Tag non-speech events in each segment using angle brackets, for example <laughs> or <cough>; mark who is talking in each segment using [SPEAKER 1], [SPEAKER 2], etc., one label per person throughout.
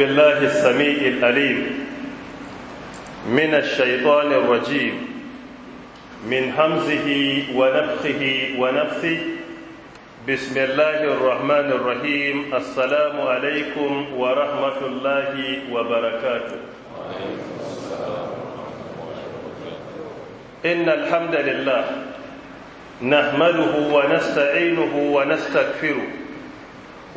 [SPEAKER 1] بالله السميع الأليم من الشيطان الرجيم من همزه ونفخه ونفثه بسم الله الرحمن الرحيم السلام عليكم ورحمة الله وبركاته إن الحمد لله نحمده ونستعينه ونستغفره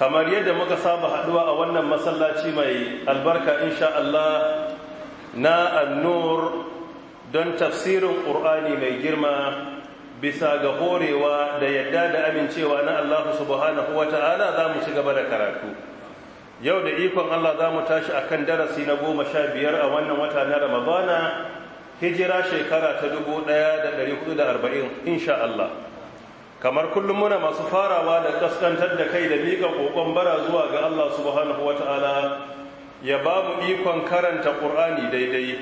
[SPEAKER 1] kamar yadda muka saba haduwa a wannan masallaci mai albarka insha Allah na annur don tafsirin ƙur'ani mai girma bisa ga horewa da yadda da amincewa na Allah subhanahu wa ta'ala za mu ci gaba da karatu yau da ikon Allah za mu tashi a kan darasi na goma sha biyar a wannan wata na ramadana hijira shekara ta dubu ɗaya da ɗari hudu da arba'in insha Allah kamar kullum muna masu farawa da kaskantar da kai da miƙa ƙoƙon bara zuwa ga Allah subhanahu wata'ala ya ba mu ikon karanta ƙur'ani daidai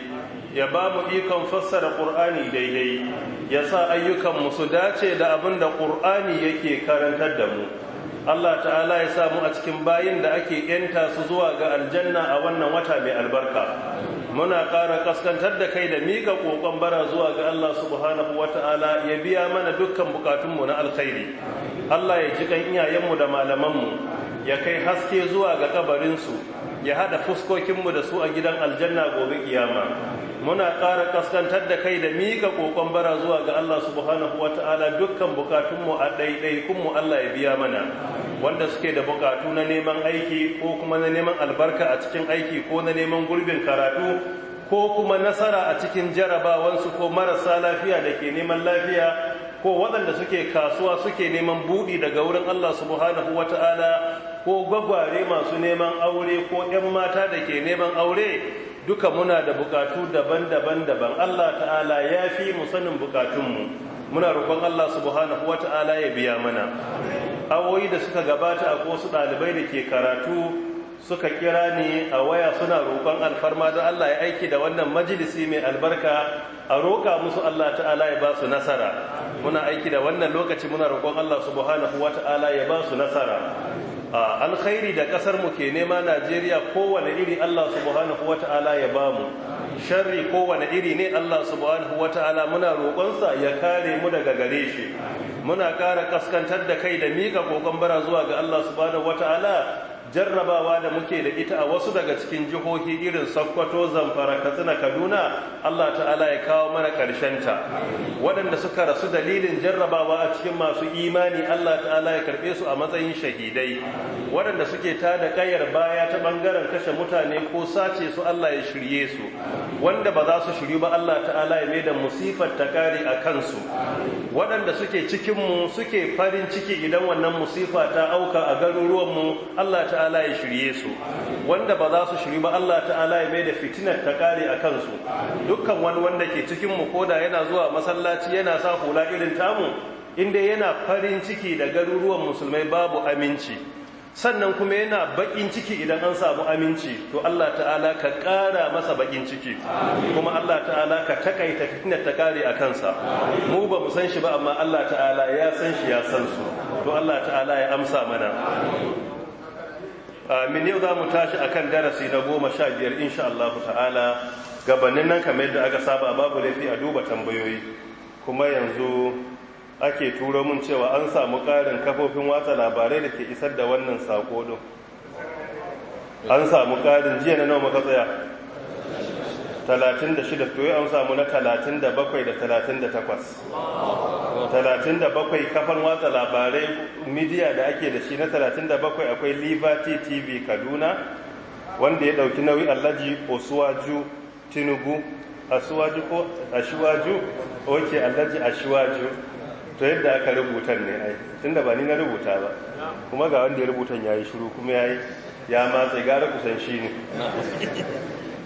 [SPEAKER 1] ya ba mu ikon fassara ƙur'ani daidai ya sa ayyukanmu su dace da abin da ƙur'ani yake karantar da mu Allah ta'ala ya samu a cikin bayin da ake yanta su zuwa ga aljanna a wannan wata mai albarka muna ƙara ƙaskantar da kai da miƙa ƙoƙon bara zuwa ga Allah subhanahu wa ta'ala ya biya mana dukkan bukatunmu na alkhairi Allah ya ji kan iyayenmu da malamanmu ya kai haske zuwa ga kabarinsu ya hada fuskokinmu da su a gidan aljanna gobe kiyama muna ƙara kaskantar da kai da mika ƙoƙon bara zuwa ga Allah subhanahu wata'ala dukkan bukatunmu a ɗaiɗaikunmu Allah ya biya mana wanda suke da bukatu na neman aiki ko kuma na neman albarka a cikin aiki ko na neman gurbin karatu ko kuma nasara a cikin jarabawansu ko marasa lafiya da ke neman lafiya ko waɗanda suke kasuwa suke neman buɗi daga wurin Allah subhanahu wata'ala ko gwagware masu neman aure ko 'yan mata da ke neman aure duka muna da bukatu daban-daban daban Allah ta'ala ya fi mu sanin bukatunmu muna rukon Allah subhanahu Ta'ala ya biya mana awoyi da suka gabata a su ɗalibai da ke karatu suka kira ni a waya suna roƙon alfarma don Allah ya aiki da wannan majalisi mai albarka a roƙa musu Allah ta'ala ya ba su nasara muna aiki da wannan lokaci muna roƙon Allah subhanahu wa ta'ala ya ba su nasara alkhairi da kasar mu ke nema Najeriya kowane iri Allah subhanahu wata'ala ya bamu sharri kowane iri ne Allah subhanahu wata'ala muna roƙonsa ya kare mu daga gare shi muna ƙara ƙaskantar da kai da miƙa ƙoƙon bara zuwa ga Allah subhanahu wata'ala jarrabawa da muke da ita a wasu daga cikin jihohi irin Sokoto, Zamfara, Katsina, Kaduna, Allah ta'ala ya kawo mana ƙarshen ta. Waɗanda suka rasu dalilin jarrabawa a cikin masu imani Allah ta'ala ya karɓe su a matsayin shahidai. Waɗanda suke ta da ƙayar baya ta ɓangaren kashe mutane ko sace su Allah ya shirye su. Wanda ba za su shiryu ba Allah ta'ala ya mai da musifar ta kare a kansu. Waɗanda suke cikinmu suke farin ciki idan wannan musifa ta auka a garuruwanmu Allah ta'ala ta'ala ya shirye su wanda ba za su shiri ba Allah ta'ala ya mai da fitinar ta kare a kansu dukkan wani wanda ke cikin mu koda yana zuwa masallaci yana sa hula irin tamu inda yana farin ciki da garuruwan musulmai babu aminci sannan kuma yana bakin ciki idan an samu aminci to Allah ta'ala ka ƙara masa bakin ciki kuma Allah ta'ala ka takaita fitinar ta kare a kansa mu ba mu san shi ba amma Allah ta'ala ya san shi ya san su to Allah ta'ala ya amsa mana Uh, min yau za mu tashi a kan darasi na goma sha biyar insha Allah ta'ala gabanin nan kamar yadda aka saba babu laifi a duba tambayoyi kuma yanzu ake turo mun cewa an samu ƙarin kafofin watsa labarai da ke isar da wannan sako an samu ƙarin jiya na nawa muka tsaya talatin da shida to an samu na talatin da bakwai da talatin da takwas talatin da bakwai kafan watsa labarai midiya da ake da shi na talatin da bakwai akwai liberty tv kaduna wanda ya ɗauki nauyi alhaji osuwaju tinubu asuwaju ko ashiwaju oke alhaji ashiwaju to yadda aka rubuta ne ai tunda ba ni na rubuta ba kuma ga wanda ya rubutan yi shiru kuma yi ya matsa gara kusan shi ne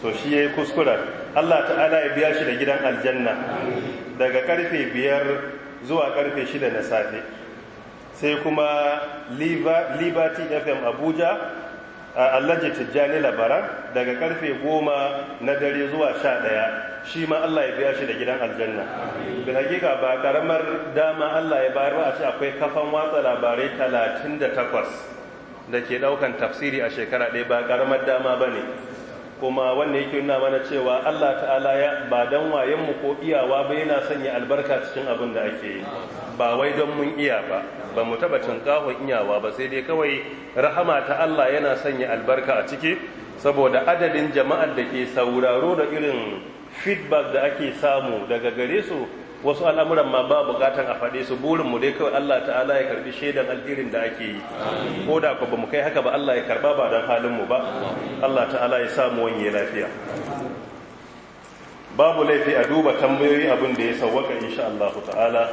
[SPEAKER 1] so shi ya yi kuskura Allah ta'ala ya biya shi da gidan aljanna daga karfe biyar zuwa karfe shida na safe sai kuma liberty fm abuja a allaji tijjani labaran daga karfe goma na dare zuwa sha ɗaya shi ma allah ya biya shi da gidan aljanna da hakika ba karamar dama allah ya bayar ba a ce akwai kafan watsa labarai talatin da takwas da ke ɗaukan tafsiri a shekara ɗaya ba karamar dama ba ne kuma wanda yake nuna mana cewa Allah ta'ala ya ba dan wayenmu ko iyawa ba yana sanya albarka cikin abin da ake yi ba wai don mun iya ba ba mu tabbacin cin iyawa ba sai dai kawai rahama ta Allah yana sanya albarka a ciki saboda adadin jama'ar da ke sauraro da irin feedback da ake samu daga gare su wasu al'amuran ma ba bukatan a faɗe su burin mu dai kawai Allah ta'ala ya karbi shaidan alherin da ake yi ko da ku bamu kai haka ba Allah ya karba ba dan halin mu ba Allah ta'ala ya samu wanye lafiya babu laifi a duba tambayoyi abin da ya sauwaka insha Allah ta'ala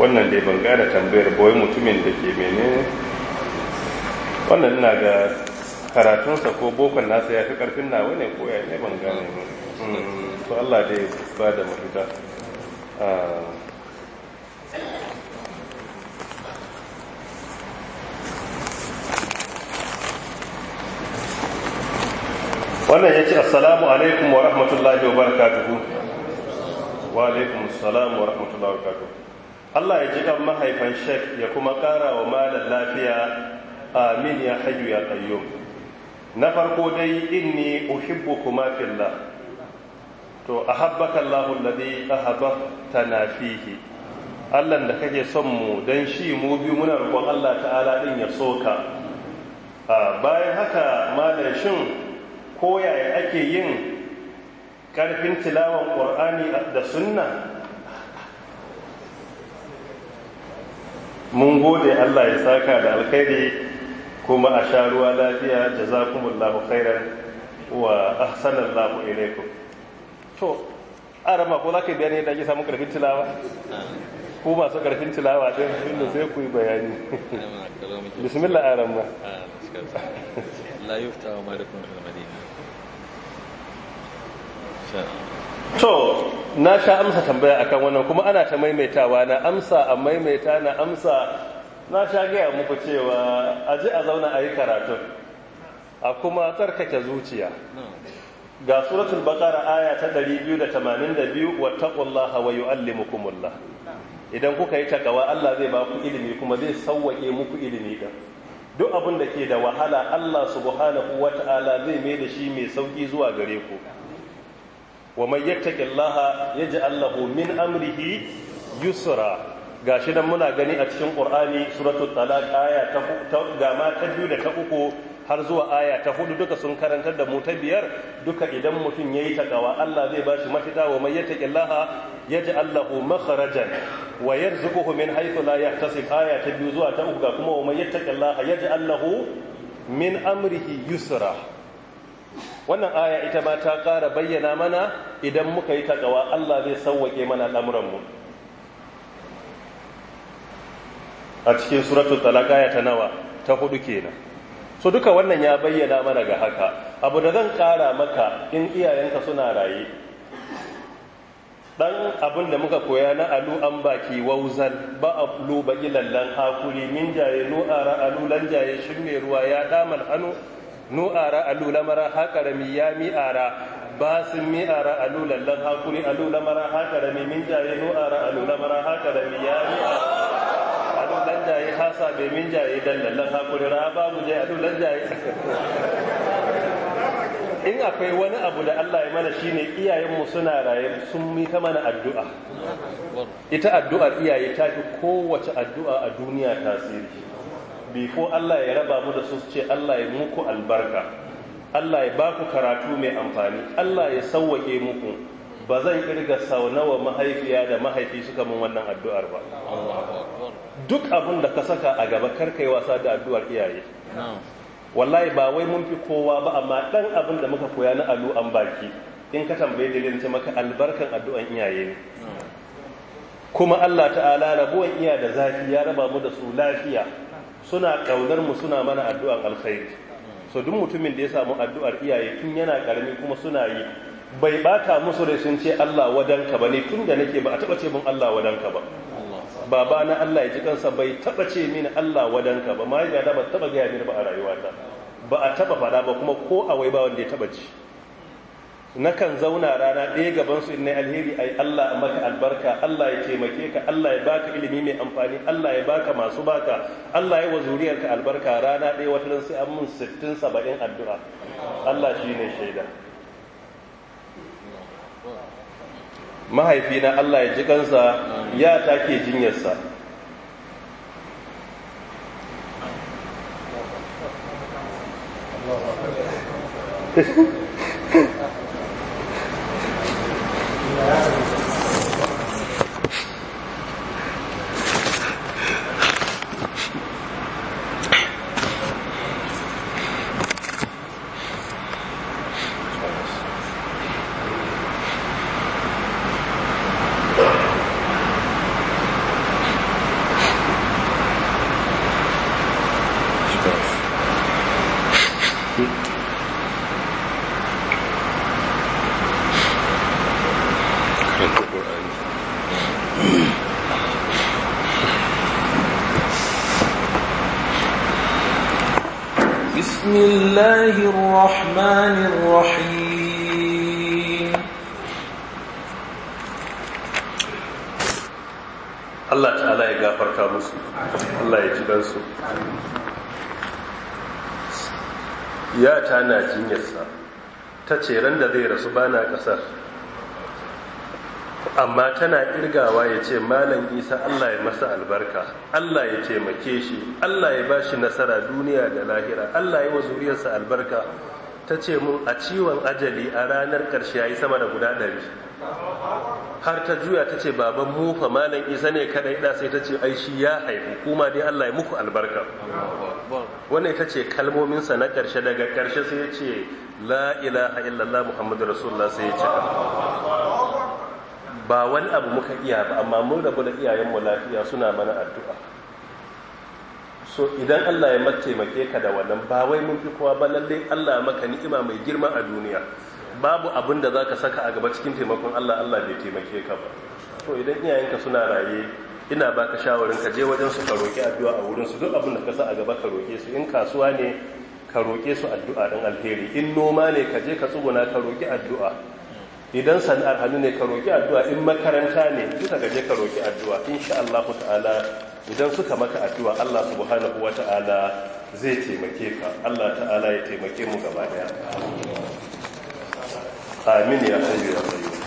[SPEAKER 1] wannan dai ban gane tambayar boye mutumin da ke mene wannan ina ga karatunsa ko bokon nasa ya fi karfin nawa ne ko ya ne ban gane ba hmm. to Allah dai ba da mafita ah. wannan ya ce assalamu alaikum wa rahmatullahi wa barakatuhu wa alaikum assalamu wa rahmatullahi wa barakatuhu Allah ya ji ɗan mahaifan shek ya kuma ƙara wa malar lafiya amin ya hajju ya qayyum na farko dai inni kuma Fila. to a ahabbaka a habbata na fihi Allah da kake son mu don shi mu biyu muna rukun Allah ta'ala din ya soka bayan haka malam shin ko yaya ake yin karfin tilawar ƙwar'ani da sunna mun gode Allah ya saka da alkhairi kuma a sha ruwa lafiya jazakumullahu khairan wa ahsanallahu ilaikum to arama ko zaka bayani da ake samu karfin tilawa ba su karfin tilawa din inda sai ku yi bayani bismillah arama la yufta wa malakum fil madina to na sha amsa tambaya akan wannan kuma ana ta maimaitawa na amsa a maimaita na amsa na sha gaya muku cewa a ji a zauna a yi karatun a kuma tsarkake zuciya ga suratul baqara aya ta 282 wattaqullaha wa yuallimukumullah idan kuka yi takawa Allah zai ba ku ilimi kuma zai sauwake muku ilimi da. duk abin da ke da wahala Allah subhanahu wata'ala zai mai da shi mai sauƙi zuwa gare ku wa man yattaqillaha yaj'al lahu min amrihi yusra Ga shi nan muna gani a cikin qur'ani suratul talaq aya ta gama ta biyu da ta uku har zuwa aya ta hudu duka sun karantar da mu ta biyar duka idan mutum yayi takawa Allah zai bashi mafita wa may yaj'al lahu makharajan wa yarzuquhu min haythu la yahtasib aya ta biyu zuwa ta uku ga kuma wa may yaj'al lahu min amrihi yusra wannan aya ita ma ta ƙara bayyana mana idan muka yi takawa Allah zai sauwake mana lamuran mu a cikin suratul talaq aya ta nawa ta hudu kenan so duka wannan ya bayyana mana ga haka abu da zan kara maka in iyayenka suna raye dan abin da muka koya na alu an baki wauzan ba lu baki lallan hakuri min jaye nu ara alu lan jaye shin ruwa ya damal hannu nu ara alu lamara mi ya mi ara ba sun mi ara alu lallan hakuri alu lamara mi min jaye nu ara alu lamara mi ya mi ara lanjaye hasa bai min jaye dallallan hakuri ra babu a adu lanjaye in akwai wani abu da Allah ya mana shine iyayen mu suna raye sun yi ta mana addu'a ita addu'ar iyaye ta fi kowace addu'a a duniya tasiri bifo Allah ya raba mu da su ce Allah ya muku albarka Allah ya baku karatu mai amfani Allah ya sauwake muku ba zan kirga sau nawa mahaifiya da mahaifi suka mun wannan addu'ar ba duk abin da ka saka a gaba karkai wasa da addu'ar iyaye wallahi ba wai mun fi kowa ba amma ɗan abin da muka koya na alu’an an baki in ka tambaye dalilin sai maka albarkan addu'an iyaye ne kuma Allah ta'ala rabuwan iya da zafi ya raba mu da su lafiya suna ƙaunar mu suna mana addu'an alkhairi so duk mutumin da ya samu addu'ar iyaye tun yana ƙarami kuma suna yi bai bata musu da sun ce Allah wadanka ba ne tun da nake ba a taɓa ce min Allah wadanka ba baba na Allah ya ji kansa bai taɓa ce mini Allah wadanka ba ma ya ba taɓa gaya mini ba a rayuwata ba a taɓa faɗa ba kuma ko a wai ba wanda ya taɓa ci nakan zauna rana ɗaya gaban su inai alheri a yi Allah maka albarka Allah ya taimake ka Allah ya baka ilimi mai amfani Allah ya baka masu baka Allah ya wa zuriyarka albarka rana ɗaya wata sai an mun 60 70 addu'a Allah shine shaida mahaifina Allah ya ji kansa ya take jinyarsa Thank <laughs>
[SPEAKER 2] الله الرحمن الرحيم
[SPEAKER 1] الله تعالى يغفر كامسو الله يجدنسو يا تانا jinyarsa ta دذير سبانا da amma tana irgawa ya ce malam isa allah ya masa albarka allah ya taimake shi allah ya ba shi nasara duniya da lahira allah ya yi wa zuriyarsa albarka ta ce mun a ciwon ajali a ranar ƙarshe ya yi sama da guda ɗari har ta juya ta ce baban mufa malam isa ne kaɗai ɗa sai ta ce ai shi ya haifu kuma dai allah ya muku albarka wannan ita ce kalmominsa na ƙarshe daga ƙarshe sai ya ce la ilaha illallah muhammadu rasulullah sai ya
[SPEAKER 2] cika
[SPEAKER 1] ba wani abu muka iya ba amma mun rabu da iyayenmu lafiya suna mana addu'a so idan Allah ya mataimake ka da wannan ba wai mun fi kowa ba lallai Allah maka ni'ima mai girma a duniya babu abin da zaka saka a gaba cikin taimakon Allah Allah bai taimake ka ba So idan iyayenka suna raye ina baka shawarin ka je wajen su ka roki addu'a a wurin su duk abin da ka sa a gaba ka roke su in kasuwa ne ka roƙe su addu'a dan alheri in noma ne ka je ka tsuguna ka roki addu'a idan sana'ar hannu ne ka roƙi addu'a in makaranta ne bisa gaje ka roƙi addu'a in sha Allah ta'ala idan suka maka addu'a Allah subhanahu wa ta'ala zai taimake ka Allah ta'ala ya taimake mu gaba ɗaya. amin ya hayyu ya qayyum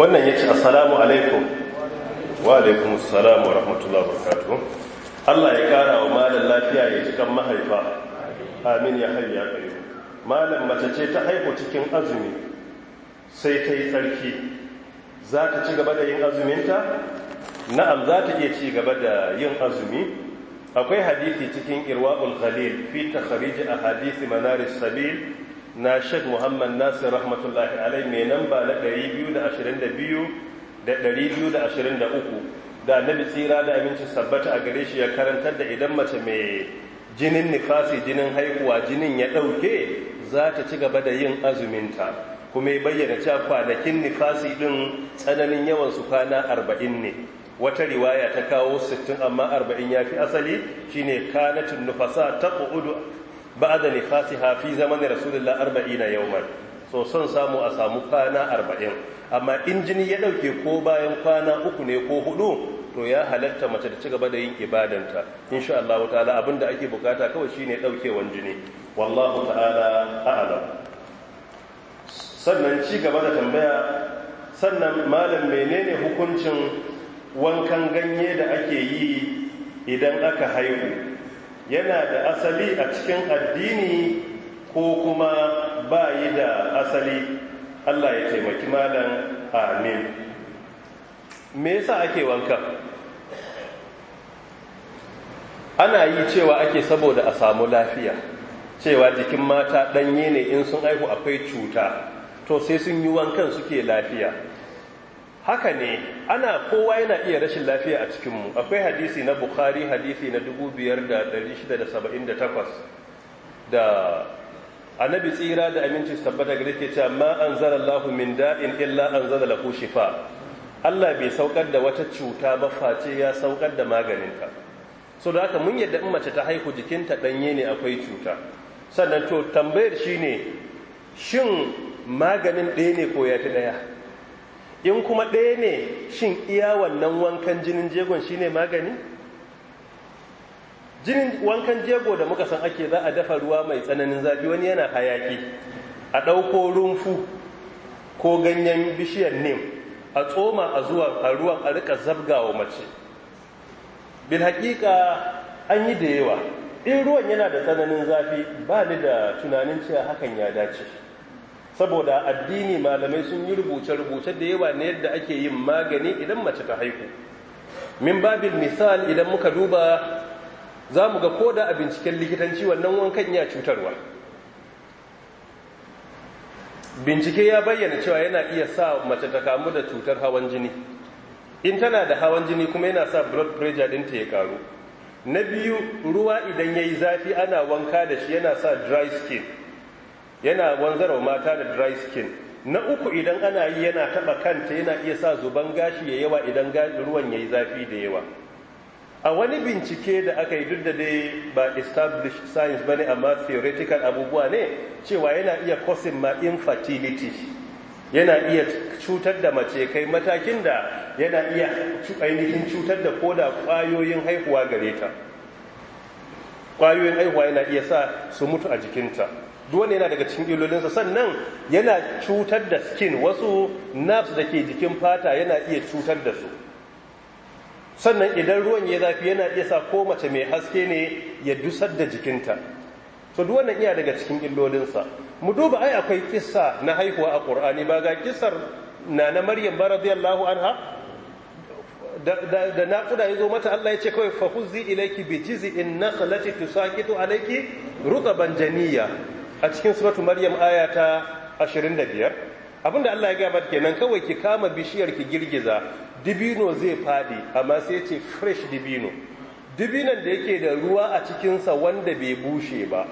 [SPEAKER 1] wannan yace assalamu alaikum wa alaikum assalam wa rahmatullahi wa barakatuh Allah ya kara wa malam lafiya ya cikan mahaifa amin ya hayya kayo malam mace ce ta haihu cikin azumi sai ta yi tsarki za ta ci gaba da yin azuminta na'am za ta iya ci gaba da yin azumi akwai hadithi cikin irwa'ul khalil fi a ahadith manar sabil na Sheikh Muhammad Nasir rahmatullahi alai mai namba na 222 da 223 da annabi tsira da aminci sabbata a gare shi ya karantar da idan mace mai jinin nifasi jinin haihuwa jinin ya ɗauke za ta ci gaba da yin azuminta kuma ya bayyana cewa kwanakin nifasi ɗin tsananin yawan su kwana arba'in ne wata riwaya ta kawo sittin amma arba'in ya fi asali shine kanatin nufasa ta ƙudu da nifasi hafi zamanin rasulullah arba'ina yawman so son samu a samu kwana arba'in amma in jini ya ɗauke ko bayan kwana uku ne ko hudu to ya halatta mace da ci gaba da yin ibadanta insha Allah ta'ala abinda ake bukata kawai shine ɗaukewan jini wallahu ta'ala a'lam sannan ci gaba da tambaya sannan malam menene hukuncin wankan ganye da ake yi idan aka haihu yana da asali a cikin addini ko kuma ba yi da asali Allah ya taimaki malam amin me yasa ake wanka ana yi cewa ake saboda a samu lafiya cewa jikin mata ɗanye ne in sun aihu akwai cuta to sai sun yi wankan suke lafiya haka ne ana kowa yana iya rashin lafiya a cikinmu akwai hadisi na bukhari hadisi na 5678 da annabi tsira da aminci su tabbata gare ke cewa ma anzala Allahu min da'in illa an anzala ku shifa Allah bai saukar da wata cuta ba face ya saukar da maganinta so da haka mun yadda in mace ta haihu jikinta danye ne akwai cuta sannan to tambayar shine shin maganin ɗaya ne ko ya fi ɗaya in kuma ɗaya ne shin iya wannan wankan jinin jegon shine magani jinin wankan jego da muka san ake za a dafa ruwa mai tsananin zafi wani yana hayaki a ɗauko rumfu ko ganyen bishiyar nim a tsoma a zuwa a ruwan a rika zabgawa mace bil haƙiƙa an yi da yawa in ruwan yana da tsananin zafi ba ni da tunanin cewa hakan ya dace saboda addini malamai sun yi rubuce-rubuce da yawa na yadda ake yin magani idan mace ta haihu min babin misal idan muka duba za mu ga koda a binciken likitanci wannan wankan ya cutarwa bincike ya bayyana cewa yana iya sa mace ta kamu da cutar hawan jini in tana da hawan jini kuma yana sa blood pressure ta ya karu na biyu ruwa idan ya yi zafi ana wanka da shi yana sa dry skin yana wanzarwa mata da dry skin na uku idan ana yi yana taɓa kanta yana iya sa zuban gashi ya yawa idan ruwan ya yi zafi da yawa a wani bincike da aka yi duk da dai ba established science ba ne amma theoretical abubuwa ne cewa yana iya causing ma infertility yana iya cutar da mace kai matakin da yana iya ainihin cutar da koda kwayoyin haihuwa gare ta kwayoyin haihuwa yana iya sa su mutu a jikinta duwane yana daga cikin ilolinsa sannan yana cutar da skin wasu nerves da ke jikin fata yana iya cutar da su sannan idan ruwan ya zafi yana iya sa ko mace mai haske ne ya dusar da jikinta to duk wannan iya daga cikin illolinsa mu duba ai akwai kissa na haihuwa a qur'ani ba ga kissar na na maryam ba radiyallahu anha da naƙuda ya zo mata Allah ya ce kawai fahuzzi ilayki bi in nakhlati tusaqitu alayki rutaban janiya a cikin suratul maryam aya ta 25 abinda Allah ya ga mata kenan kawai ki kama bishiyar ki girgiza dibino zai fadi amma sai ce fresh dibino dibinan da yake da ruwa a cikinsa wanda bai bushe ba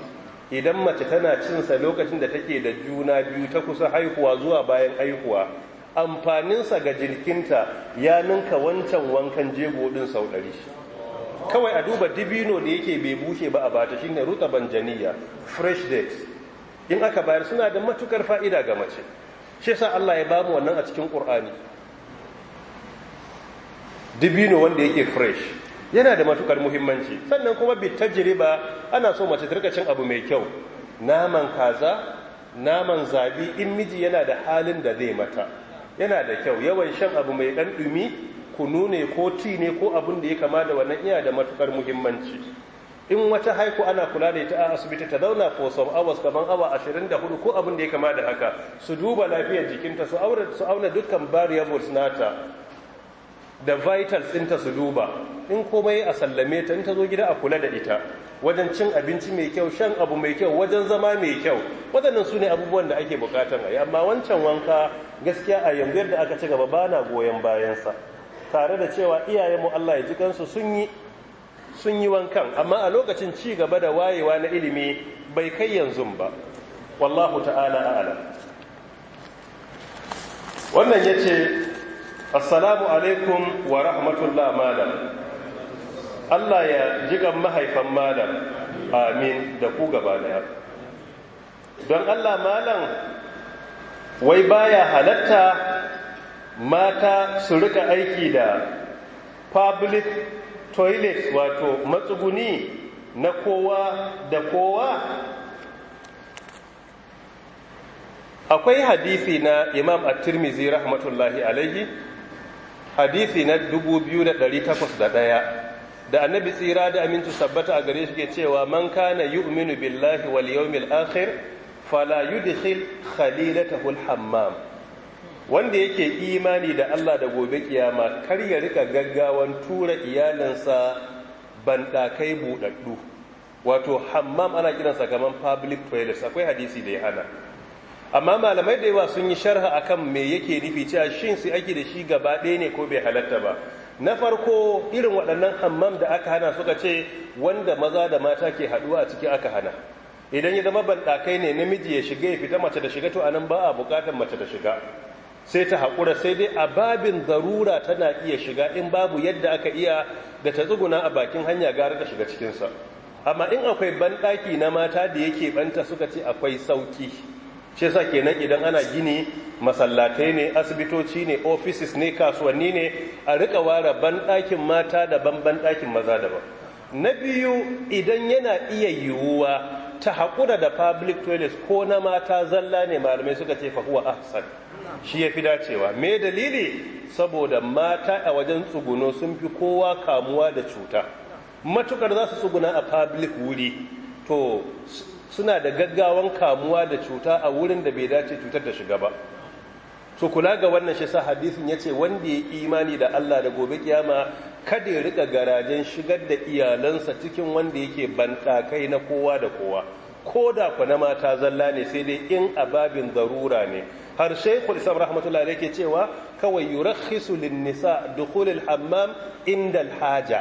[SPEAKER 1] idan mace tana cinsa lokacin da take da juna biyu ta kusa haihuwa zuwa bayan haihuwa amfaninsa ga jirkinta ya ninka wancan wankan jego din sau ɗari kawai a duba dibino da yake bai bushe ba a bata shine ruta banjaniya fresh dates in aka bayar suna da matukar fa'ida ga mace shi sa Allah ya bamu wannan a cikin Kur'ani. dibino wanda yake fresh yana da matukar muhimmanci sannan kuma bitajriba ana so mace turka cin abu mai kyau naman kaza naman zabi in miji yana da halin da zai mata yana da kyau yawan shan abu mai dan dumi kunu ne ko ti ne ko abun da ya kama da wannan iya da matukar muhimmanci in wata haiku ana kula da ita a asibiti ta zauna for some hours kaman awa 24 ko abin da ya kama da haka su duba lafiyar jikinta su auna dukkan variables nata da vitals ta su duba in komai a sallame ta in ta zo gida a kula da ita wajen cin abinci mai kyau shan abu mai kyau wajen zama mai kyau waɗannan su ne abubuwan da ake bukatan a yi amma wancan wanka gaskiya a yanzu yadda aka ci gaba bana goyon bayansa tare da cewa mu Allah ya ji kansu sun yi wankan amma a lokacin ci gaba da wayewa na ilimi bai kai yanzu ba wallahu ta'ala a'ala wannan yace assalamu alaikum wa rahmatullah malam Allah ya jigan mahaifan malam amin da ku gaba daya don Allah malam wai baya halatta mata su rika aiki da public toilet wato matsuguni na kowa da kowa akwai hadisi na imam at-tirmidhi rahmatullahi alaihi hadisi na 2801 da annabi tsira da amintu sabbata a gare shi ke cewa man kana yu'minu billahi wal yawmil akhir fala yudkhil khalilatahu al hammam wanda yake imani da Allah da gobe kiyama kar ya rika gaggawan tura iyalinsa bandakai budaddu wato hammam ana kiransa kaman public toilets akwai hadisi da ya hana amma malamai da yawa sun yi sharha akan me yake nufi cewa shin sai ake da shi gaba ɗaya ne ko bai halatta ba na farko irin waɗannan hammam da aka hana suka ce wanda maza da mata ke haɗuwa a ciki aka hana idan ya zama banɗakai ne namiji ya shiga ya fita mace da shiga to anan ba a buƙatar mace da shiga sai ta haƙura sai dai a babin zarura tana iya shiga in babu yadda aka iya da ta tsuguna a bakin hanya gara ta shiga cikinsa amma in akwai banɗaki na mata da yake banta suka ce akwai sauƙi ce sa kenan idan ana gini masallatai ne asibitoci ne offices ne kasuwanni ne a rika ware banɗakin mata daban banɗakin maza daban na biyu idan yana iya yiwuwa ta haƙura da public toilets ko na mata zalla ne malamai suka ce fahuwa ahsan shi ya fi dacewa me dalili saboda mata a wajen tsuguno sun fi kowa kamuwa da cuta matukar za su tsuguna a public wuri to suna da gaggawan kamuwa da cuta a wurin da bai dace cutar da shiga ba so kula ga wannan shi sa hadisin ya ce wanda ya imani da Allah da gobe kiyama kada ya rika garajen shigar da iyalansa cikin wanda yake banɗakai na kowa da kowa ko da ku na mata zalla ne sai dai in ababin zarura ne har shaykhul islam rahmatullahi da yake cewa kawai yurakhisu lin nisa dukhul al hammam inda al haja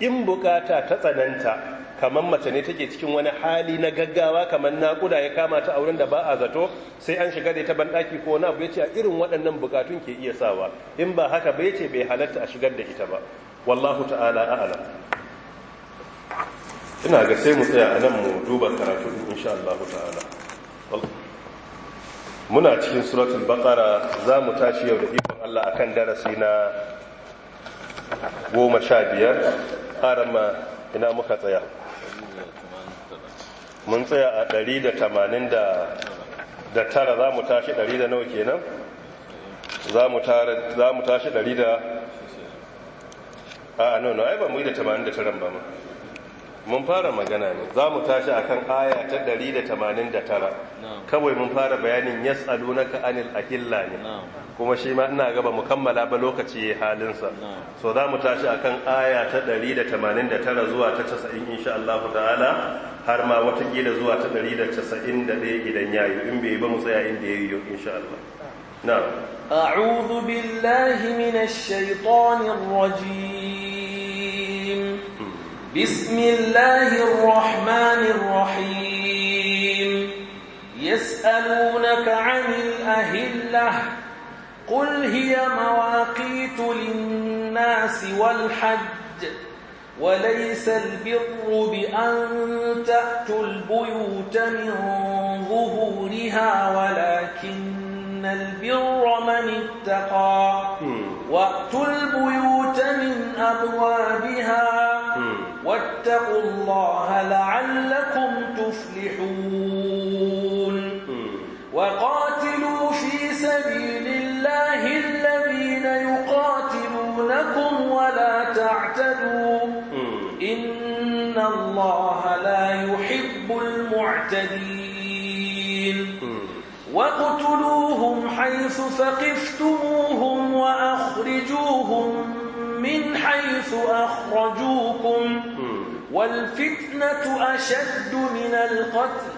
[SPEAKER 1] in bukata ta tsananta kamar mace ne take cikin wani hali na gaggawa kamar naƙuda ya kama ta auren da ba a zato sai an shiga da ita banɗaki ko wani abu ya ce a irin waɗannan bukatun ke iya sawa in ba haka bai ce bai halatta a shigar da ita ba wallahu ta'ala a'lam ina ga sai mu tsaya a nan mu duba karatu insha Allah ta'ala muna cikin suratul baqara za mu tashi yau da ikon Allah akan darasi na goma sha biyar arama ina muka tsaya mun tsaya a 189 za mu tashi 100 da nawa kenan za mu tashi 100 da a no no ai ba mu yi da 89 ba ma mun fara magana ne za mu tashi akan aya ta 189 kawai mun fara bayanin yas'alunaka anil killa ne kuma shi ma ina gaba mu kammala ba lokaci ya halinsa so za mu tashi akan aya ta 189 zuwa ta 90 insha Allah ta'ala har ma watakila zuwa ta 191 idan yayi in bai ba mu tsaya inda yayi insha Allah na'am a'udhu
[SPEAKER 2] billahi minash shaitanir rajim بسم الله الرحمن الرحيم يسألونك عن الأهلة قل هي مواقيت للناس والحج وليس البر بأن تأتوا البيوت من ظهورها ولكن البر من اتقى وأتوا البيوت من أبوابها واتقوا الله لعلكم تفلحون وقاتلوا في سبيل الله الذين يقاتلونكم ولا تعتدوا إن الله لا يحب المعتدين وقتلوهم حيث فقفتموهم وأخرجوهم من حيث أخرجوكم والفتنة أشد من القتل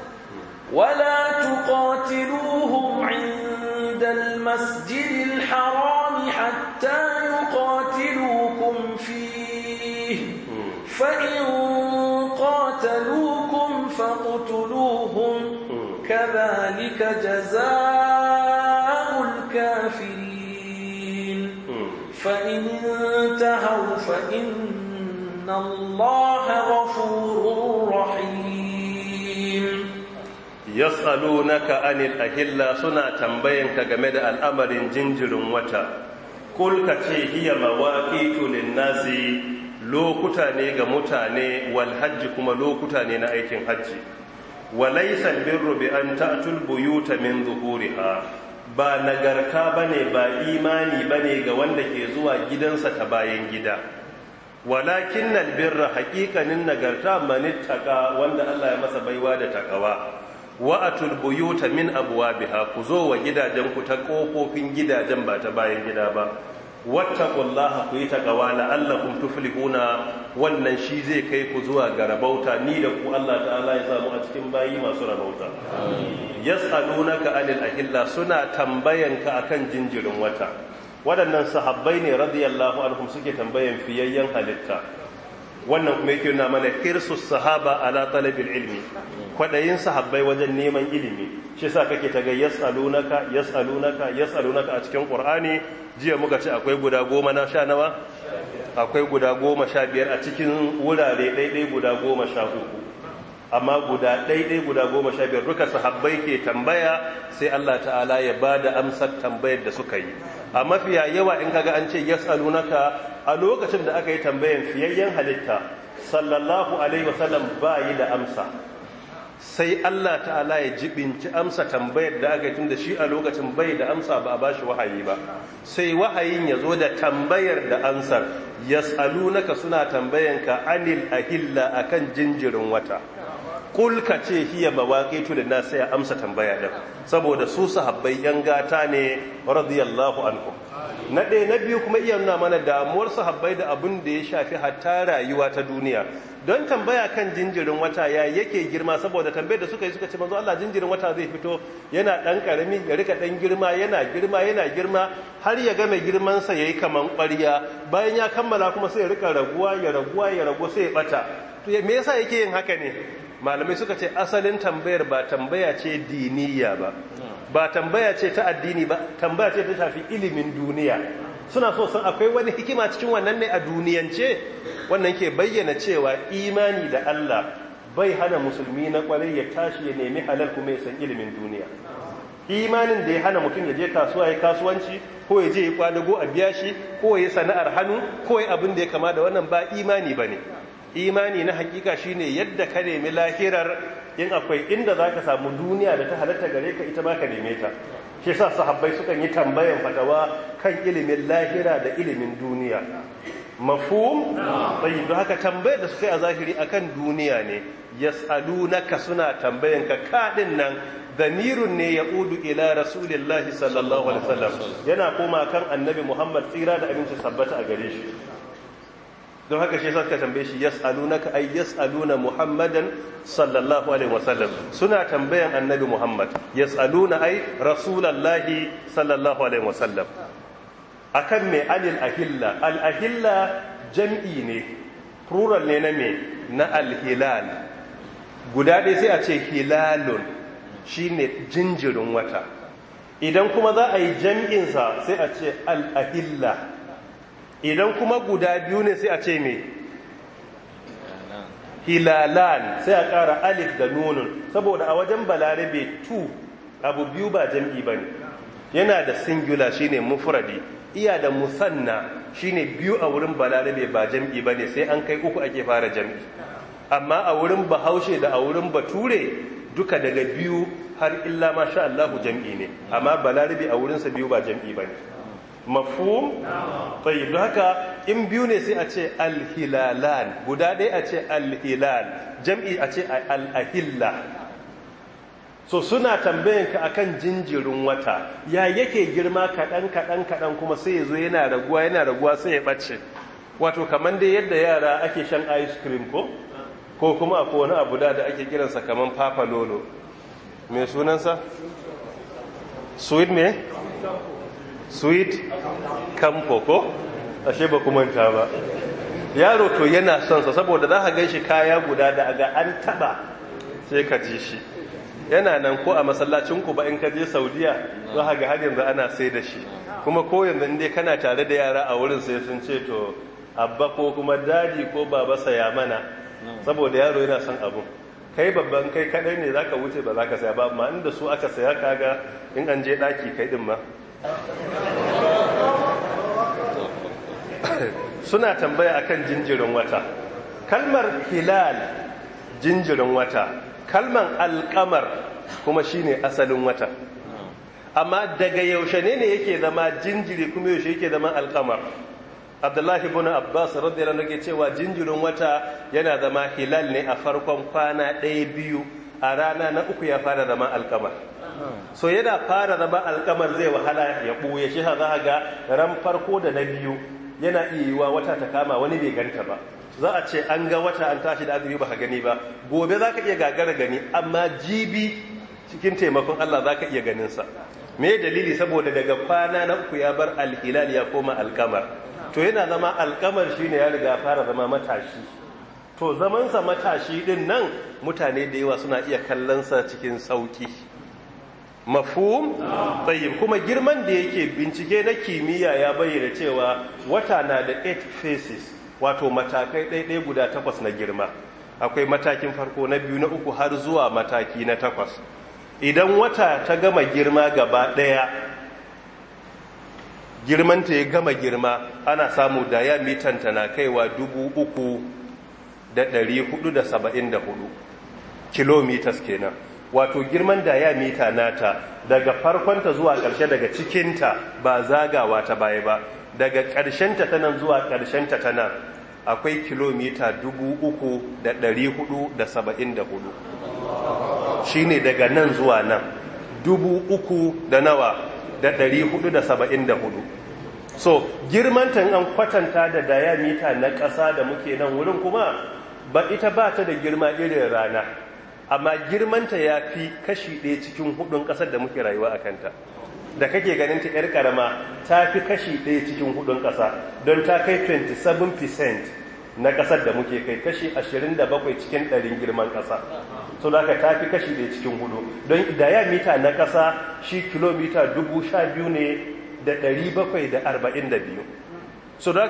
[SPEAKER 2] ولا تقاتلوهم عند المسجد الحرام حتى يقاتلوكم فيه فإن قاتلوكم فاقتلوهم كذلك جزاء الكافرين فإن انتهوا فإن إن الله غفور رحيم
[SPEAKER 1] يسألونك عن الأهلة سنة تنبينك جمد الأمر جنجر ce قل كتي هي مواقيت للناس lokuta ne ga mutane walhajji kuma lokuta ne na aikin hajji walaisa birru bi an ta'tul buyuta min zuhuriha ba nagarka bane ba imani bane ga wanda ke zuwa gidansa ta bayan gida walakin birra haƙiƙanin nagarta manittaka wanda Allah ya masa baiwa da takawa wa'atul buyuta min abwabiha ku zo wa gidajen ku ta kofofin gidajen ba ta bayan gida ba wattaqullaha ku yi takawa la'allakum tuflihuna wannan shi zai kai ku zuwa ga rabauta ni da ku Allah ta'ala ya samu a cikin bayi masu rabauta yas'alunaka anil ahilla suna tambayanka akan jinjirin wata waɗannan sahabbai ne radiyallahu anhum suke tambayan fiyayyen halitta wannan kuma yake nuna mana kirsu sahaba ala talabil ilmi Kwaɗayin sahabbai wajen neman ilimi shi sa kake ta ga yas'alunaka yas'alunaka yas'alunaka a cikin qur'ani jiya muka ce akwai guda goma na sha nawa akwai guda goma sha biyar a cikin wurare ɗaiɗai guda goma sha uku amma guda ɗaiɗai guda goma sha biyar duka sahabbai ke tambaya sai Allah ta'ala ya ba da amsar tambayar da suka yi a mafiya yawa in kaga an ce alunaka, a lokacin da aka yi tambayan fiyayyen halitta sallallahu alaihi wasallam ba yi da amsa sai Allah ta'ala ya jibinci amsa tambayar da aka yi tun da shi a lokacin bai da amsa ba a bashi wahayi ba sai wahayin ya zo da tambayar da amsar yas'alunaka suna tambayanka anil ahilla akan jinjirin wata kulka ce hiya da na sai amsa tambaya ɗin, saboda su sahabbai yan gata ne radiyallahu anhu na ɗaya na biyu kuma iya nuna mana damuwar sahabbai da abin da ya shafi hatta rayuwa ta duniya don tambaya kan jinjirin wata ya yake girma saboda tambayar da suka yi suka ce manzo Allah jinjirin wata zai fito yana ɗan ƙarami ya rika ɗan girma yana girma yana girma har ya game girmansa ya yi kaman ƙwarya bayan ya kammala kuma sai ya rika raguwa ya raguwa ya ragu sai ya ɓata me yasa yake yin haka ne malamai suka ce asalin tambayar ba tambaya ce diniya ba ba tambaya ce ta addini ba tambaya ce ta shafi ilimin duniya suna so san akwai wani hikima cikin wannan ne a duniyance wannan ke bayyana cewa imani da Allah bai hana musulmi na kwarai ya tashi ya nemi halal kuma ya san ilimin duniya imanin da ya hana mutum ya je kasuwa ya kasuwanci ko ya je ya kwadago a biya shi ko ya sana'ar hannu ko ya abin da ya kama da wannan ba imani ba ne imani na hakika shine yadda ka nemi lahirar in akwai inda za ka samu duniya da ta halatta gare ka ita ma ka neme ta shi sa sahabbai sukan yi tambayan fatawa kan ilimin lahira da ilimin duniya mafhum ba haka tambayar da suka yi a zahiri akan duniya ne ka suna tambayan ka kaɗin nan damirun ne ya udu ila rasulillahi sallallahu alaihi wasallam yana koma kan annabi muhammad tsira da abinci sabbata a gare shi don haka shi suka tambaye shi yas'alunaka ay yas'aluna muhammadan sallallahu alaihi wasallam suna tambayan annabi muhammad yas'aluna ay rasulullahi sallallahu alaihi wasallam akan me alil ahilla al ahilla jam'i ne plural ne na me na al hilal guda dai sai a ce hilalun shine jinjirin wata idan kuma za a yi jam'insa sai a ce al ahilla idan kuma guda biyu ne sai a ce mai hilalan sai a ƙara alif da nunun saboda a wajen balarabe tu abu biyu ba jam'i ba yana da singular shine mufuradi, iya da musanna shine biyu a wurin balarabe ba jam'i ba sai an kai uku ake fara jam'i amma a wurin bahaushe da a wurin bature duka daga biyu har illa masha Allahu jam'i ne amma balarabe a wurinsa biyu ba jam'i ba ne mafhum tayyib don haka in biyu ne sai a ce alhilalan guda ɗaya a ce alhilal jam'i a ce al'ahilla so suna tambayan ka kan jinjirin wata ya yake girma kaɗan kaɗan kaɗan kuma sai ya zo yana raguwa yana raguwa sai ya ɓace wato kamar dai yadda yara ake shan ice cream ko ko kuma a wani abu da ake kiransa kamar papa lolo mai sunansa sweet me sweet kamfo ko ashe ba manta ba yaro to yana son sa saboda za ka gan shi kaya guda da aga an taba sai ka ji shi yana nan ko a masallacin ku ba in ka je saudiya za ka ga har yanzu ana sai da shi kuma ko yanzu inda kana tare da yara a wurin sai sun ce to abba ko kuma dadi ko baba saya mana saboda yaro yana son abu kai babban kai kadai ne zaka wuce ba zaka saya ba amma inda su aka saya kaga in an je daki kai din ma suna tambaya a kan jinjirin wata kalmar hilal jinjirin wata kalmar alkamar kuma shine asalin wata amma daga yaushe ne ne yake zama jinjiri kuma yaushe yake zama alkamar abdullahi ibn abbas radiyallahu anhu cewa jinjirin wata yana zama hilal ne a farkon kwana ɗaya biyu a rana na uku ya fara zama alkamar so yana fara zama alkamar zai wahala ya ɓuya shi za ga ran farko da na biyu yana iya wa wata ta kama wani bai ganta ba za a ce an ga wata an tashi da azumi ba ka gani ba gobe za ka iya gagara gani amma jibi cikin taimakon Allah za ka iya ganinsa me dalili saboda daga kwana na uku ya bar alhilal ya koma alkamar to yana zama alkamar shine ya riga fara zama matashi to zamansa matashi din nan mutane da yawa suna iya kallonsa cikin sauki mafhum tayyib kuma girman da yake bincike na kimiyya ya bayyana cewa wata na da 8 faces, wato matakai ɗaiɗai guda takwas na girma akwai matakin farko na biyu na uku har zuwa mataki na takwas idan wata ta gama girma gaba ɗaya girmanta ya gama girma ana samu ta na kaiwa hudu kilomitas kenan wato girman mita nata daga farkonta zuwa ƙarshe daga cikinta ba zagawa ta baya ba daga ƙarshenta ta nan zuwa ƙarshenta ta nan akwai kilomita 3,474 shi ne daga nan zuwa nan 3,000 da nawa da 474 so girmantan an kwatanta da diameter na ƙasa da muke nan wurin kuma ba ita ba ta da girma irin rana amma girmanta ya fi kashi ɗaya cikin hudun ƙasar da muke rayuwa a kanta da kake ganin ta 'yar karama ta fi kashi ɗaya cikin hudun ƙasa don ta kai 27% na ƙasar da muke kai kashi 27 cikin ɗarin girman ƙasa so da ta fi kashi ɗaya cikin hudu don diameter na ƙasa shi kilomita 12,742 so da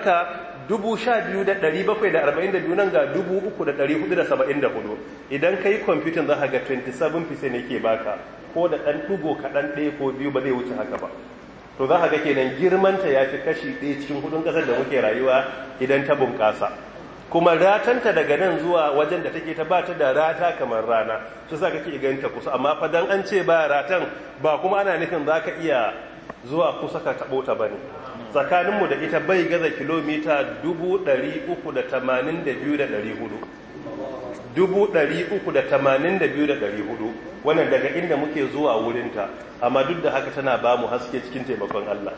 [SPEAKER 1] 12,742 nan ga 3,474 idan ka yi kwamfutin za ka ga 27% yake baka ko da ɗan ɗugo kaɗan ɗaya ko biyu ba zai wuce haka ba to za ka ga kenan girmanta ya fi kashi ɗaya cikin hudun ƙasar da muke rayuwa idan ta bunƙasa kuma ratanta daga nan zuwa wajen da take ta ba ta da rata kamar rana su sa kake ganta kusa amma fadan an ce ba ratan ba kuma ana nufin za ka iya zuwa kusa ka taɓo ta ba ne tsakaninmu da ita bai gaza kilomita 382,400 wannan daga inda muke zuwa wurinta amma duk da haka tana ba mu haske cikin taimakon Allah